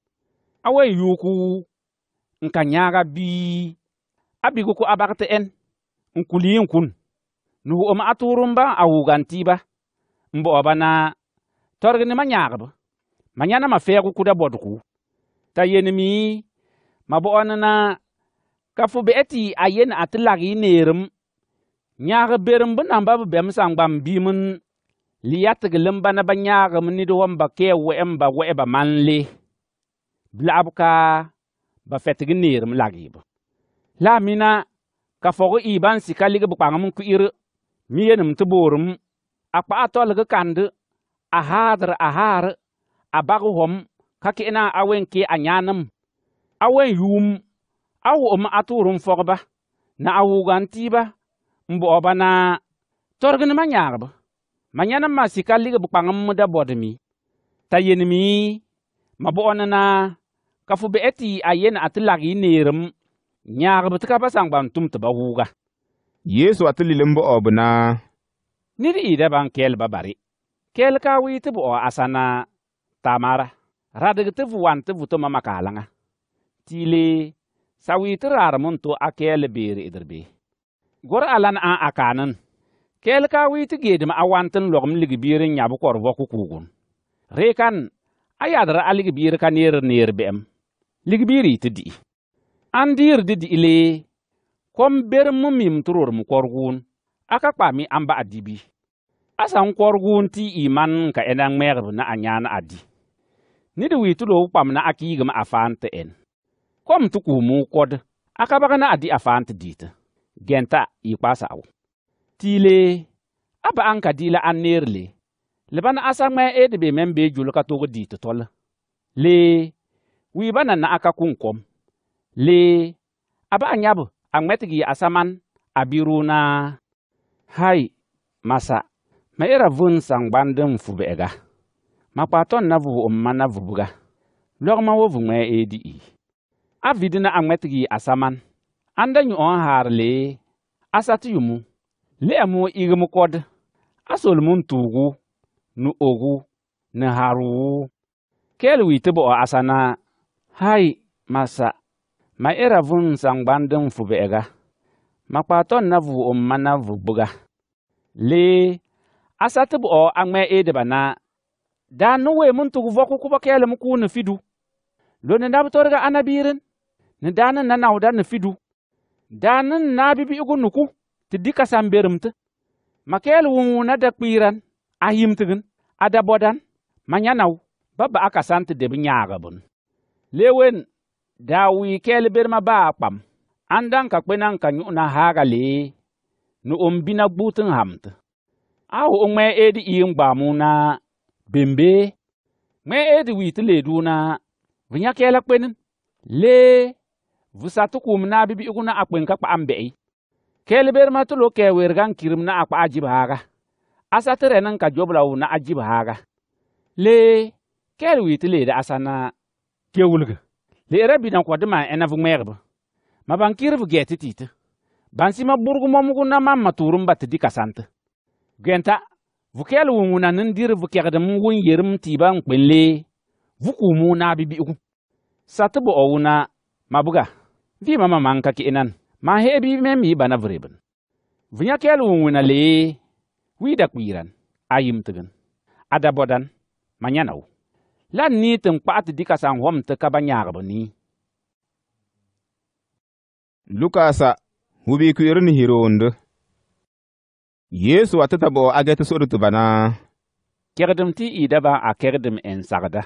awe yuku nka nyaga bi abigo ku abagte en nkuli nkun nugu oma aturumba awugantiba mbo obana torgini ma nyagbo ma nyana ma fegu da bodku ta yenimi ma bo onana ka fu be eti ayen atilagi nerum nyaga berum bu namba bu bem sangbam bimun liyatg lembana ba nyagem ned wamba kɛ wɛ'ɛmba wɛ'ɛba manle bila'b ka ba fɛtg neerem lagɩb la a mina ka fɔg ɩ ban sika ligb kpaŋem n ku'ir mi yenem tɩ boorem a kpa'a tɔlg kand a haadr a haar a bag hɔm ka kɩ'na a wen kee a nyaanem a wen yuum a wʋ'm a tʋʋr n fɔgba na a wʋga n tɩɩba n bo'ɔba na tɔrg ma nyagb manyana masi kalliga bodemi tayeni mi tayenmi onana. kafu be eti ayen atlagi lagi nirem. tɩ ka pa sã n gbam tʋm tɩ ba wʋʋga obna niri ida lil n babari bɩ asana tamara, radeg tɩ wan tɩ to tʋma makaalãŋa tiile sa wɩɩ to raarem n a kɛɛl gor alan a akanan kelka wɩɩ tɩ geedem a wan tɩn lɔgem ligbiir n nyab kɔr vɔk kuugun rɩɩkan a yadra a ligbiir ka neer neer bɛ'em ligbiir yɩ tɩ di'i an diir dɩ di'i le kom berem mu mim tɩ rorem kɔrguun a ka kpami an ba'a dibi a san kɔrguun tɩ iman n ka ɛna ŋmɛɛgb na a nyaan a di ni di wɩɩ tɩ loog kpam na a kiigem a faan tɩ ɛn kom tɩ kuumuu kɔd a ka bag na a di a faan tɩ diitɩ gɛnta yɩ kpaasa awo tile a ba an ka dila an neer le leba na asa ŋmɛ ede be bee jul ka tog dii totol le wii ba na na'a ka kun kom le a ba a nyab a ŋmɛ tigi ye asa man a biru naa hai masa ma era vun n vube'ega ma kpaa ton na vubu'um ma na vubega lɔg ma wo vu ŋmɛ eedi i a vidi na a ŋmɛ tigi ye asa man an da nyu'ɔn haar lee asa ti yumu le'amu igmu kod a solmun tugu nu ogu ni haruu kel witibo o asana hai masa ma era vun sangbandin fube'ega ma kpaton na vu umma na vu buga le asatibo o agme ediba na dan nu wemun tugu voku kubo kelemu ku ni fidu lo ni nabtorga anabirin ni danin na nauda ni fidu danin na bibi igu nuku tɩ dɩka sã n beremtɩ makɛɛl wũwũna da kpiiran a yimtigin a da bɔdan ma yãnaw ba ba'a ka sã n tɩ deb yãaga bõn leewen daa wɩɩ kɛɛl kpam ka kwenan ka nyuna haaga lee ni om um bina gbut n hamtɩ a o um ŋmɛɛ eed ɩɩ n gbaamuuna bembee ŋmɛɛ eed wɩɩ na leeduuna le yã kɛɛla kpenin lee vɩ sa tɩ kʋʋm naa na a kpen ka pa ambei kelber ma tolo ke wergan kirim na akpa ajib haga asa tere nan ka jobla wu na ajib haga le kel wit le da asa na kewulga le rabi dan ko dama ena vu merba ma ban kirv geti tit ban sima burgu momugu na mamma turum bat di kasanta genta vu kel wunguna nan dir vu kegdam wun yerim tiban kwenle vu kumu na bibi ku wu na mabuga vi mama manka ki enan maa he bɩ me mi bana vrebn vẽyã kɛɛl wẽn wẽna lee wɩɩda kʋɩɩran a yɩmtgn a da bɔdan ma yãna wo la n nii tɩ n kpa'a tɩ dɩka ka ba yãagb nii lukaasa ni hiroond yeesu wa tɩ ta bao a gɛ tɩ sod tɩ bana kɛgdem ba ɩɩdãbã a kɛgdem n sagda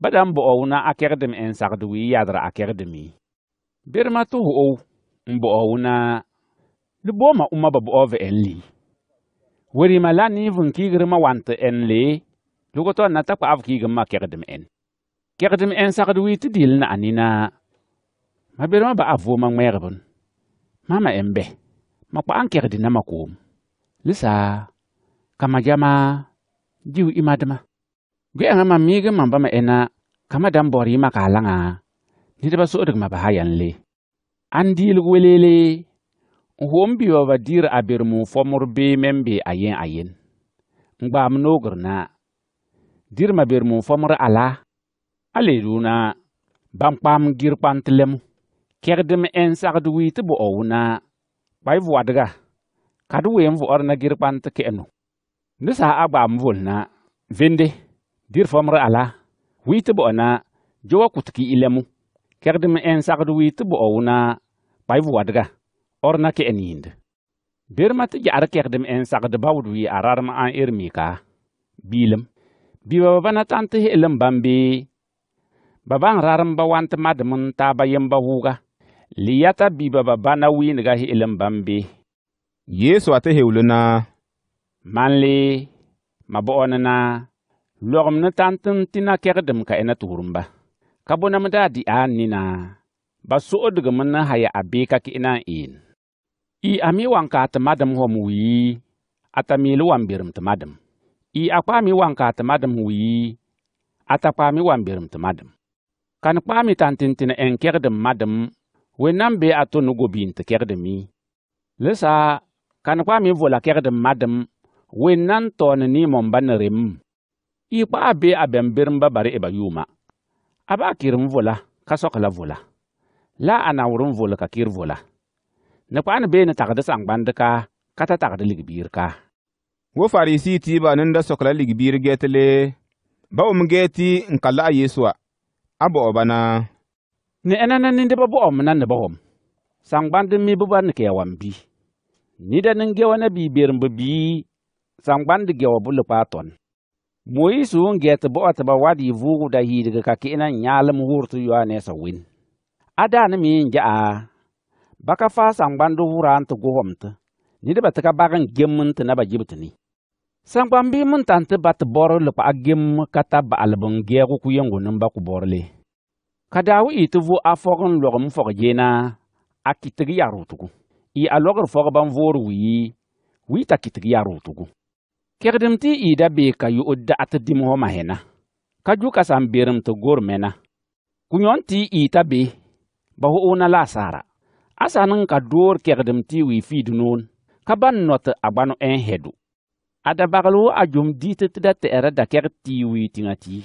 ba da n bɔ'ɔ wʋna a kɛgdem n sagd wɩɩ yadra a kɛgdem bɩrmã tɩ fu ou n bo'os wuna di booma uma ba bo'os enli li ma la ni vun kiigri ma wan tɩ ɛn le lugu tɩ na ta kpaab kiigim ma kɛgdem ɛn kɛgdem en sa wɩɩ tɩ dil na ma nina ma bedma ba a vooma ŋmɛɛg bun ma ma ɛn bɛ ma kpa n kɛgdi na ma koom lisa kama jama jiu imadma gwe mam miigim mam ba ma ena kama dãn bɔr yɩma kaa laŋa nidba so'odg ma ba ha yɛn le An diil welele n hom bi wa ba dir a bir mu fomur be men be a yen a yen. N gbaam noogr na dir ma bir mu fomur ala ale runa ban kpaam gir kpant lemu. Kegdim en sagd wi ti bo owuna kpai vuadga kad wen vuor na gir kpant ke'enu. Nisa a gbaam vol na vende dir fomr ala wi ti bo na jowa kutki lɛmu kegd m ẽn sagd wɩɩ tɩ bɔ'ɔ wʋna pa y voadga na kɩ ẽn yĩnd berma tɩ gyar kegd m sagd baood wɩɩ a rarem ãn ẽr mɩɩka biilem biba ba na tant tɩ helem bãmb bee ba ban rarem ba want tɩ madem n taaba yemba wʋʋga li yata biba ba ba na wɩɩndga helem bãmb bee yeesu a tɩ hewle na manle ma bɔ'ɔ na lɔgem ne tãn n tɩ na kegdem ka ẽ na tʋʋremba ka bõnam daa dɩ'a n ninaa ba so'odg m n haya a bɩɩka kɩ na n een y a mi wan kaa tɩ madem fom wɩɩ a ta meel wan berem tɩ madem y a kpaami wan kaa tɩ madem wɩɩ a ta kpaami wan berem tɩ madem kan kpaami tãn tɩn tɩ n ẽn kɛgdem madem wẽnnaam bee a tõnd gobiin tɩ kɛgdemi lesa kan kpaami vola kɛgdem madem wẽnnan taoon niimõm ba ne rem y kpa bee be a bɛm beremba bare e ba yʋʋma a b'a kiri vola ka sokala vola la a na wurin vola ka kiri vola ni kwan bee ni tagdi sangban ka ka ta tagdi ligbiir ka wo farisi ba nin da sokala ligbiir geti le ba wum geti n ka a yeesuwa a bo'oba na ni ba nindiba bo'om na ni sangban sangbandi mi biba ni kewan bi ni da ni gewa na bi berin bi sangban sangbandi gewa bulu pa ton moyisu n get bo'ot ba wad yi vuugu da yiidgi ka ki'ina n yaalum wurtu yoa neesa win a daani n ja'a ba ka faa sangbandu wuraan ti gohom ti nidba ti ka bagin n ti na ba jib ti ni sangbambi n tan ti ba ti bɔr li kpa'a gem ka ta ba'albu n geegu ku yengu nin ba ku bor le ka daawu i ti vu a fog n logum fog jeena a kitigi yaruutugu i a logr fog ban vuur wiyi wi ta kitigi yaruutugu Kegdim ti ida beka yu'ud da'at dim ka mahena. Kaju kasan berem to gor mena. Kunyon ti ita be. Bahu laasaara la sara. n ka door dor kegdim ti wi fid non. Kaban not abano en hedu. Ada bagalo ajum dit tida te'era da da keg ti wi tingati.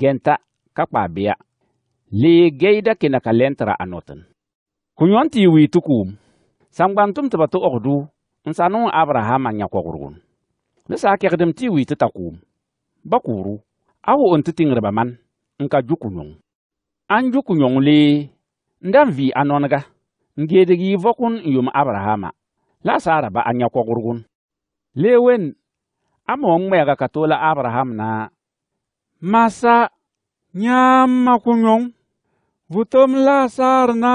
Genta kakpa beya. Le geida kina kalentra anotan. Kunyon ti wi tukum. Sangbantum tibatu ogdu. Nsanung Abrahama nyakwakurgun di saa kɛgdem tɩ y wɩɩ tɩ t'a kʋʋm bakʋʋru a wʋ'ʋn tɩ tɩngdba man n ka dʋkʋ yõng ãn dʋkʋ yõng lee n da n vɩɩ a nɔnega n geedg yɩ vɔkʋn n yʋm abrahaama la a saara ba a yã lee wen a moog ŋmɛɛga ka toola abraham na masa yãam makʋ yõng vʋtom la a saar na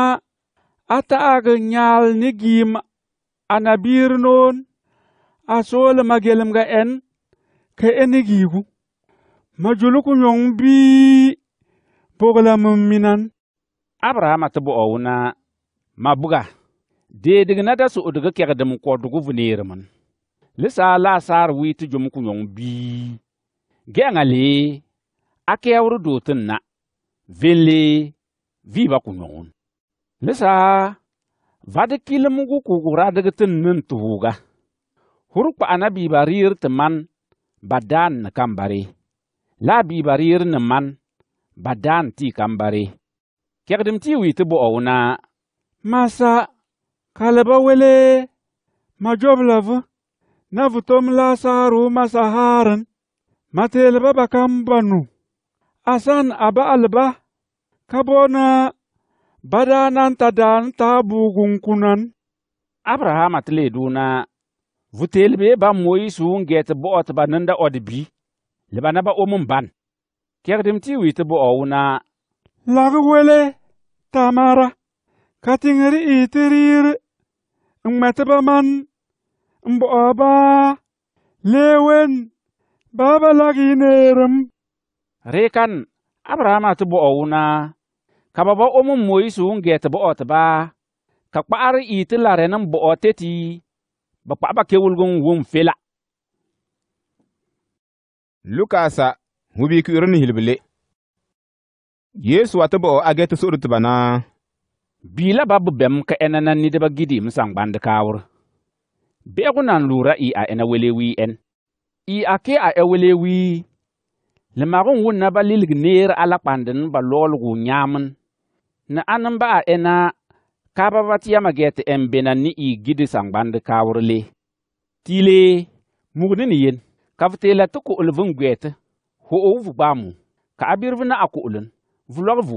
a ta'ag nyaal ne gɩɩm a nabiir noon a soole magelemga en ka enigiigu majuluku nyoŋ bii pogla mun minan abrahama ti bo'o wuna ma buga deedig na da su'udgi kegdim kodugu vuneerimin li saa laasaar wii ti jom ku nyoŋ bii geŋa li a keebri dootin na venli viiba ku nyoŋun li saa vadi kilimgu kugu radigtin nin tuuga hur kpa'ana biibarir tɩ man ba daan ni kambare la a biibarir ni man ba daan tɩ y kambare kɛgdem tɩ y wɩɩ tɩ bo'o wʋna masa kalba wele ma joblav na vutom laasaaru masahaarn ma teelba ba kamba nu asan a ba'alba ka boona ba daanan ta daan taa buugun kunan abrahama tɩ le vutel be ba moyis wun get te ba nanda od bi le ba omun ban kegdim ti wit o wuna lag wele tamara katingri itirir ngmet ba man mbo ba lewen baba lagi nerem. rekan abrahama tu o wuna kaba ba omun moyis wun get bo'ot ba ka kpa'ar iti larenin bo'o ba kpaɣaba ke n wum fela lukasa hubi ki ni hilibile yesu wata ti bo age ti suɣiri bana. Bila babu ba ka enana ka ɛna na gidi musan sangbandi kawur. biɛhigu nan luura i a ɛna welewi en. i a ke a ɛ e welewii limagin na ba liligi ala alakpandin ba lɔɔligu nyamun. na anin ba a ɛna kababat yamaget en bena ni i gidi sangbandi kawurle tile mugni ni yen kavtela ti ku'ul vin gweti ho'owu vu gbamu ka a bir vina a ku'ulin vulog vu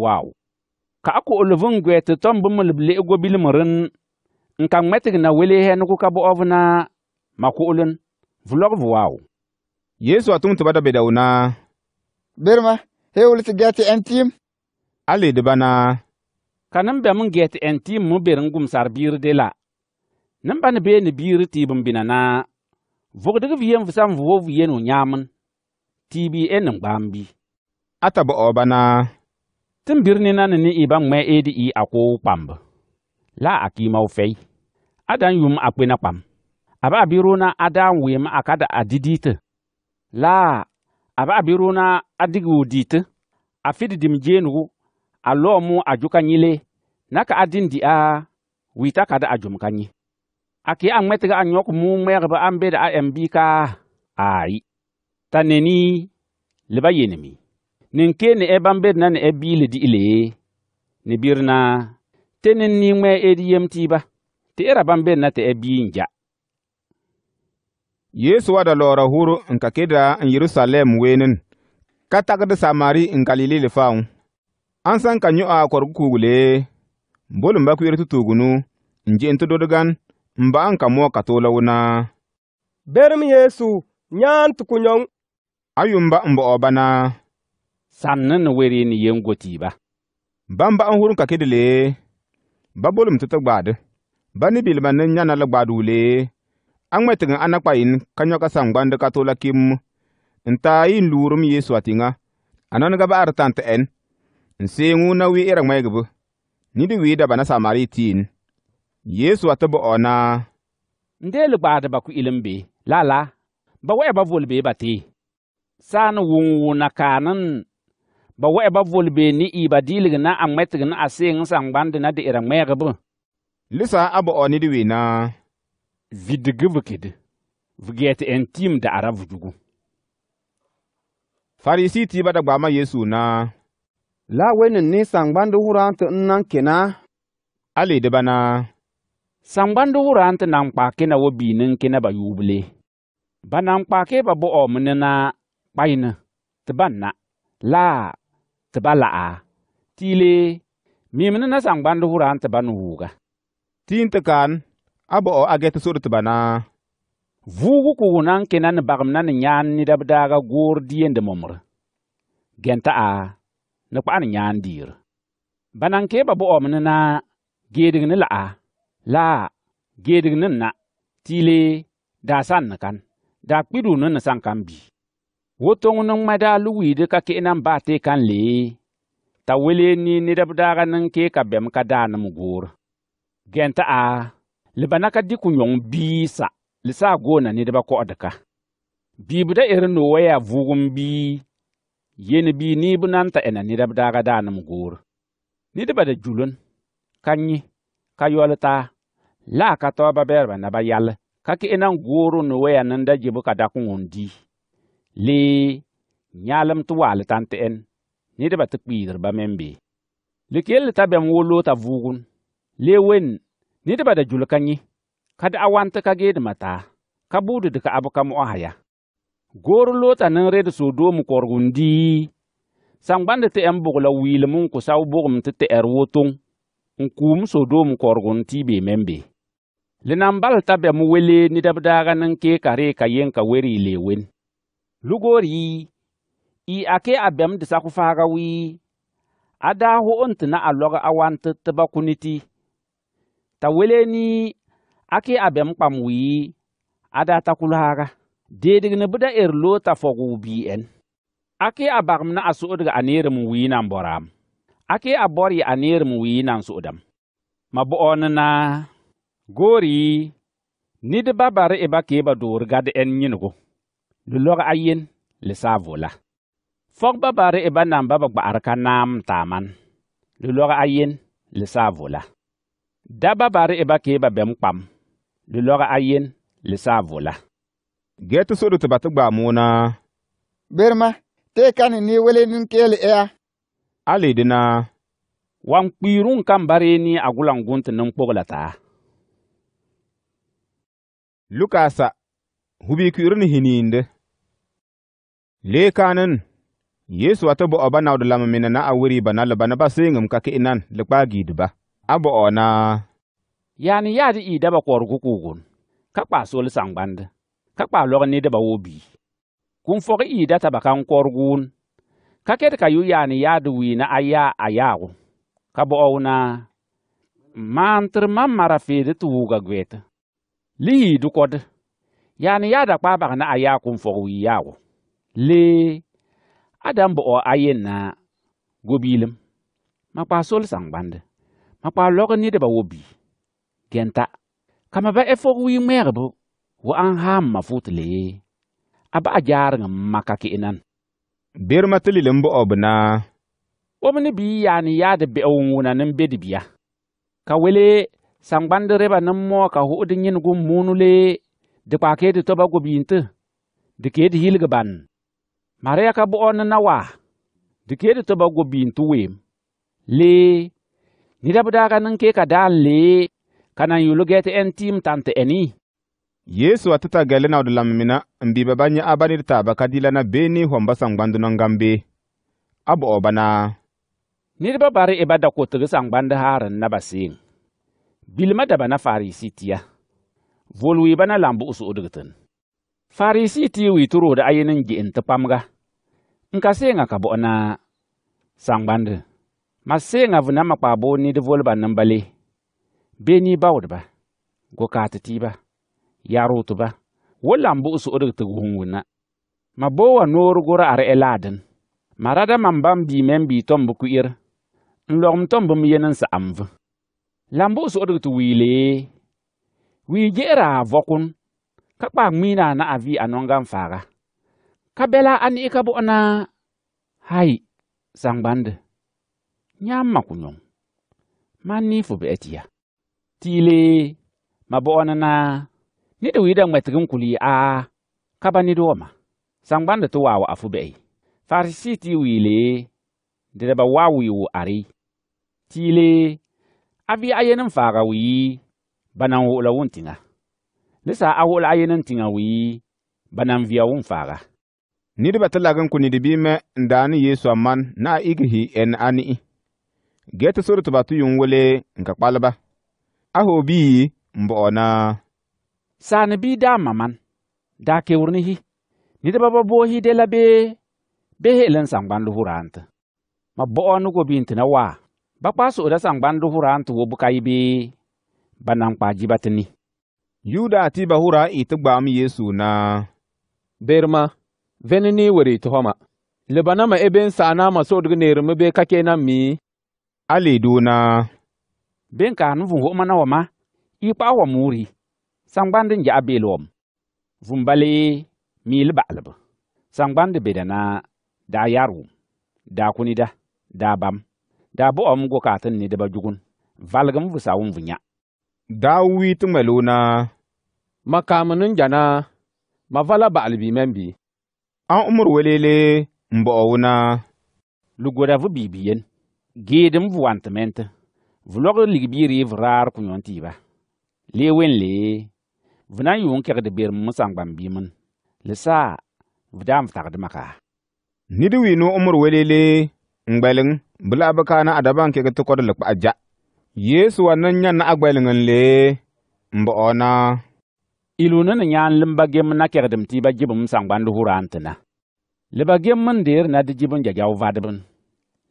ka a ku'ul gwete tom ton bi mulib le'ego nka n ka ŋmetig na wele henigu ka bo'o vina ma ku'ulin vulog vu wawu yesu a tung tiba da bedawuna birma hewul ti gati en tim a lidibana ka nan be mun get en tim mu berin gum sar bir de la nan ban be ni bir ti bum binana vog de vien vsam vo vien o nyamun ti bi en ngbambi bi. bo obana tin birni na ni iba ngwe edi i ako e pamb la akima o fei adan yum akwena pam aba biruna adan wiem akada adidite la aba biruna adigu dite afidi dimjenugu a lɔɔ mu a juka nyile na ka a dindi a wita kada a jum ka nyi a ke a ŋmɛtega a nyɔk mu ŋmɛgba a beda a ɛm kaa aayi ta neni le ba yenemi nin ke ne ɛ ban bed na ne ɛ e biile di'ile ye ne bir na te nin ni ŋmɛ edi yem tiiba ti era e ban bed na te ɛ e biin ja yesu wada lɔɔra huru n ka keda n yerusalɛm weenin ka tagdi samari n galili le faaŋ an san nyo a korgu kugule mbolu mba kuyer tutugunu nje ntu dodogan mba an kamo katola wuna berm yesu nyan tukunyong ayumba ba obana sannan na were ni yin goti ba ba an hurun kakidile ba bolum tuta gbadu, ba ni bilmanin nan nyana la gbadule an metin ana kpayin kanyo ka san gbande katola kim nta lurum yesu atinga anan ga ba artant en n seenguu na wɩɩra ŋmɛɛgbɔ nid wɩɩda ba na samari tiin yeesu a tɩ bɔ ɔɔ naa n deeli gbaadba ku ilim be lala ba wɛɛ ba voli bee ba tɩ saan wʋng-wʋna kaanen ba wɛɛ ba voli bee ne ɩ ba diilg na a ŋmɛtg ne a seeng sangbãnd na de'era ŋmɛɛgbɔ lisa a bɔ ɔɔ nid wɩɩ naa vidgi vukid vugɛɛtɩ ɛn tiim da'ara vujugu farisi tɩ ba da gbaama yesu na la wenin ni sangbandi hura ti n nan kina ali dibana sangbandi hura ti nan kpa kina wo biinin kina ba yubile ba nan kpa ke ba bo'o mini na kpaini ti ba na la ti ba la'a tiile mimini na sangbandi hura ti ba ni wuuga tiin ti kan a bo'o a ge ti sodi ti ba na vuugu kugu nan kina ni bagim na ni nyaan ni dabdaaga goor diyendi momri genta a ni ni nyaan diir banan ba bo'om ni na geedig ni la'a la geedig ni na tiile da san ni kan daa kpidu ni ni san kan bi wotong ni ŋma daa de ka nan ba te kan le. ta welee ni nidab daaga nin ke ka bɛm ka daa nim goor gɛnti a li ba na ka di ku nyɔŋ bii sa li saa goona nidba kɔ'ɔdi ka biibda iri no waya vuugum bii yen bii nii bu nan ta ena nidab daaga daanim goor nidba da julun ka nyi ka yɔl taa la ka ka tɔɔba bɛɛreba na ba yal ka ki enan gooru ni wɛya nin da jibu ka da kuŋun di lee nyaalem ti waali tan ti en nidba ti kpiidiriba meŋ be likelli ta bɛm woloo ta vuugun lee wen nidba da jul ka nyi ka da awanti ka geedima taa ka buudi di ka abu ka mu'ɔha ya gorlo tanin red sodom korgundi sangbande te en bugla wilmun ku saw bugum te te er wotung nkum sodom korgun ti be membe linan bal tabe mu wele ni dabdaga nan ke kare ka yen ka weri lewen lugori i ake abem de saku faga wi ada hu ontina aloga awanta taba kuniti ta wele ni ake abem pam wi ada takulaga deedg ni bɩ da er loota fɔguu bii'ɛn ake a bagem na a so'odga a neerem wii nan bɔraam ake a bɔr yɩ a neerem wii nan so'odam ma bɔ'ɔn na goori nid ba bare e ba door gad ɛn nyinego lulɔg a yen li saa vola fɔg ba bare e ba nan ba ba gba'ar ka naam taaman lulɔg a yen li saa vola da ba bare e ba keeba bɛm kpam lulɔg a yen li saa vola Get sodo te batu gba muna. Berma, te kani ni wele nin kele ea. Ali dina, wan kpirun kan bare ni agulan gunta nin kpoglata. Lukasa, hubi kwirin hininde. Le kanin, Yesu wata bu oba na udala mamina na awiri ba na laba na ba ka ki inan lukpa ba. Abo ona. Yani yadi idaba kwa rukukugun. Kakpa soli sangbande. ka kpa lɔg wo bii kũn fɔg ɩɩda t'a ba kan kɔrgʋʋn ka ket ka yʋ yaan yaad wɩɩna a yaa a yaagu ka bɔ'ɔu na maantr tɩr mam mara feed tɩ wʋʋga goɛɛt lihi dɩ kɔd yaan yaada kpaa bag na a yaa kũn fɔg wɩɩ yaago lee a dan bɔ'ɔ a yenna gobiilem ma kpaa sol sãngbãnd ma kpaa lɔg nedbã wobi gɛnta kama ba ɛ e fɔg wii ŋmɛɛgbg an hamma fut le a ba'a jaariŋa maka ki'inan berima ti lilim bo obina ob ni bi yaani yaadi bi'u wuna nin bedi biya ka wele sangbandi reba nin mo ka hu'udi nyinigu munu le di kpa kedi toba gobiyinti di kedi yilgi ban maria ka bo'o ni na waa di kedi toba gobiyinti weem le ni dabu daaga nin ke ka daan le ka nan yulu geti en tiim tanti eni yesu a tita gɛlɛ na odula mimina n bi ba nyɛ a banir taaba ka dila na bee ni hɔn ba sangbandi bee a bɔ'ɔ ba naa niriba bari i ba da kotigi sangbandi haarin na ba seem bilima da ba na farisi tiya volwi ba na lambu'u su'udigitin farisi ti wi ti roodi a n gi'in ti pamga n ka seeŋa ka bɔ'ɔ naa sangbandi ma seeŋa vina ma kpaaboo ni di voli ba nimbale bee ni bawudiba gokaati tiiba yaroo tɩ ba wẽnnaam bʋʋsʋ'odg tɩ fũn wẽnna ma boowa noorgo ra'ar ɛlaadin e ma rada mam bãmb biime n bii tõmb ku'ir n lɔgem tõmb m yen n sa'amv la n bʋʋsʋ'odg tɩ wiilee wii ge'era a vɔkun ka kpaag ŋmiina na a vɩɩ a nonga n faaga ka bɛla a ni'i ka bɔ'ɔna hai sangbandi nyãam ma ku man nii fo be'a tɩ ya tɩ yɩlee ma bɔ'ɔnena ni di wiida n kuli yi'a ka ba nidooma sangbandi ti wa afu bihi e. farisi ti wiile di di ba waa wiiwu ari tiile abi vi a yenin faaga wii ba nan wuhula wun tiŋa ni saa a wuhula a yenin tiŋa wii ba nan viya wun faaga niriba ti lagin ku mɛ n daani yeesu man na a igihi en a ni'i gee ti sori ti ba tu yun wele n ka kpaliba a bii n bo'o na sani bi da maman daa hi. ni da baba bo hi de la be be he'len sangban hurant ma bo'o go bint na wa. ba kpaa so'oda da luhurant wo buka yi bee ba nan kpaa jiba ti ni yuda ti ba hura i ti mi yesu na berma veni ni weri ti homa bana ma eben na ma so so'odgi neerimi be kake nan mi ale do na ben kaan ho ho'ma na wa ma i pa wa muri sangbandi n yaɣa beelwom vum bali miili baɣalibu sangbandi bedana daa yaar wum daa kunida daa bam daa bo'om gokatin n diba jugun valgim vusa wum vunya daa wii ti ŋmalona ma kaami n jana ma vala baɣalibi mɛn bi an umur welele n bo'owuna lugoda vu biibiyen geedim vu wantimɛnti vu lɔg ligbiiri vu raar kunyon lee wen lee v na n yʋʋn kegd beerem mosãngbãmb bɩɩmen lesa v daam tagdmã ka nid wɩɩnu n mor welele n gbɛleng bɩ la bɩ kaana a dabã n keg tɩ kod likpa ja yeesu wa nan yãn na a gbɛleng n le n ba'oona ilu ni ni yãan limba gem na kegdem tɩ ba gibm sãngbãnd huraan tɩ na liba gem n deer na dɩ gib n gɛgɛo vadbn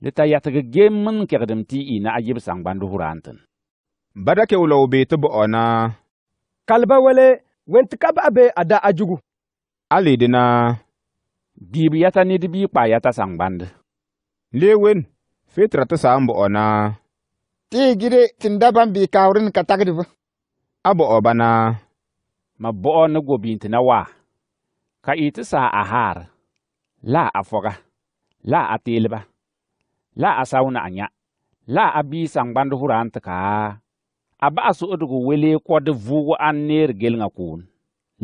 li ta yatg gem n kegdem tɩ ɩ na a gib sãngbãnd huraan tɩn bada kewla o bee tɩ ba'oona kaliba wɛlɛ wɛnti ka baɣa bɛ a da a jugu a leedina biibu yata ni di bii kpaa yata sangbandi lee wen fetra ti saa n bɔ'ɔ na tii gide tin da ban bii kaawuri ni ka tagdibu a bɔ'ɔ ba na ma bɔ'ɔ ni gobiinti na waa ka ii ti saa a haar la a fɔga la a teeliba la a sawuna a nya la a bii sangbandi huraan kaa a ba'a so'odgu wele kod vuugu an neer gelŋa kuun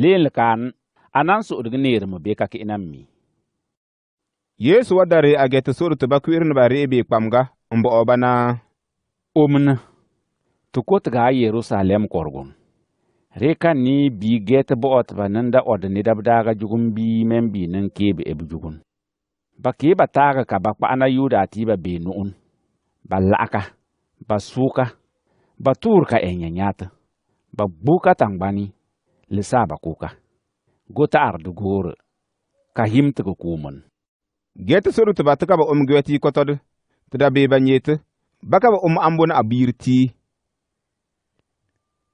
leenli kaan a nan so'odgu neeremi be ka ki'inam mi yeesu wa dari a get so'od ti ba kwi'iriniba ri'ibi kpamga n bo'oba na omni ti kotga a yerusalem korgun reka ni bi get bo'otba da od nidab daaga jugun bii men bi nin keebi eb jugun ba kiiba taag ka ba kpa'ana yuuda a tiiba bee nu'un ba la'aka ba suuka ba tuur ka en nyanyata ba gbuka tangbani lisa ba kuka gota d gore ka him tiga kumun get soru tiba tika ba um gweti kotod da be ba nyete ka ba um ambon abir ti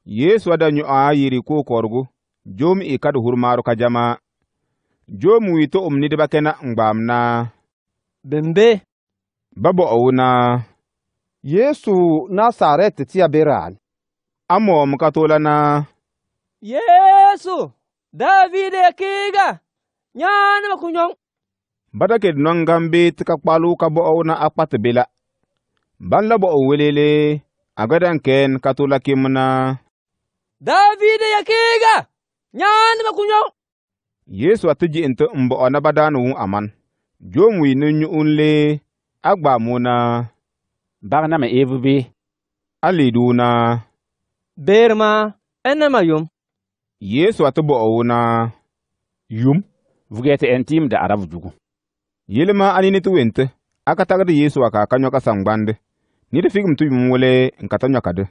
yesu ada nyu a yiri ko korgu jom i e kadu hurmaru ka jama jom wito um nidba n gbaam na bembe babo owuna yesu nasaret ti aberal amom katolana yesu davide kiga nyanama kunyong badaked nongam bit ka kpalu ka bo'ow na akpat bila ban la o welele agadan ken na. davide yakiga nyanama kunyong yesu atiji nti n bo'o na badan aman jom wi ni nyu'un le agba bagnam ebu be a leeduna beerema ennema yum yeesu a tɩ bo'owuna yum vugɛ tɩ ɛn tɩɩm da'ara vudugu yelma a nini tɩ wentɩ a ka tagd yeesu a ka a ka yõka sãngbãnd ned figm tɩ yũm wele n ka ta yõkadẽ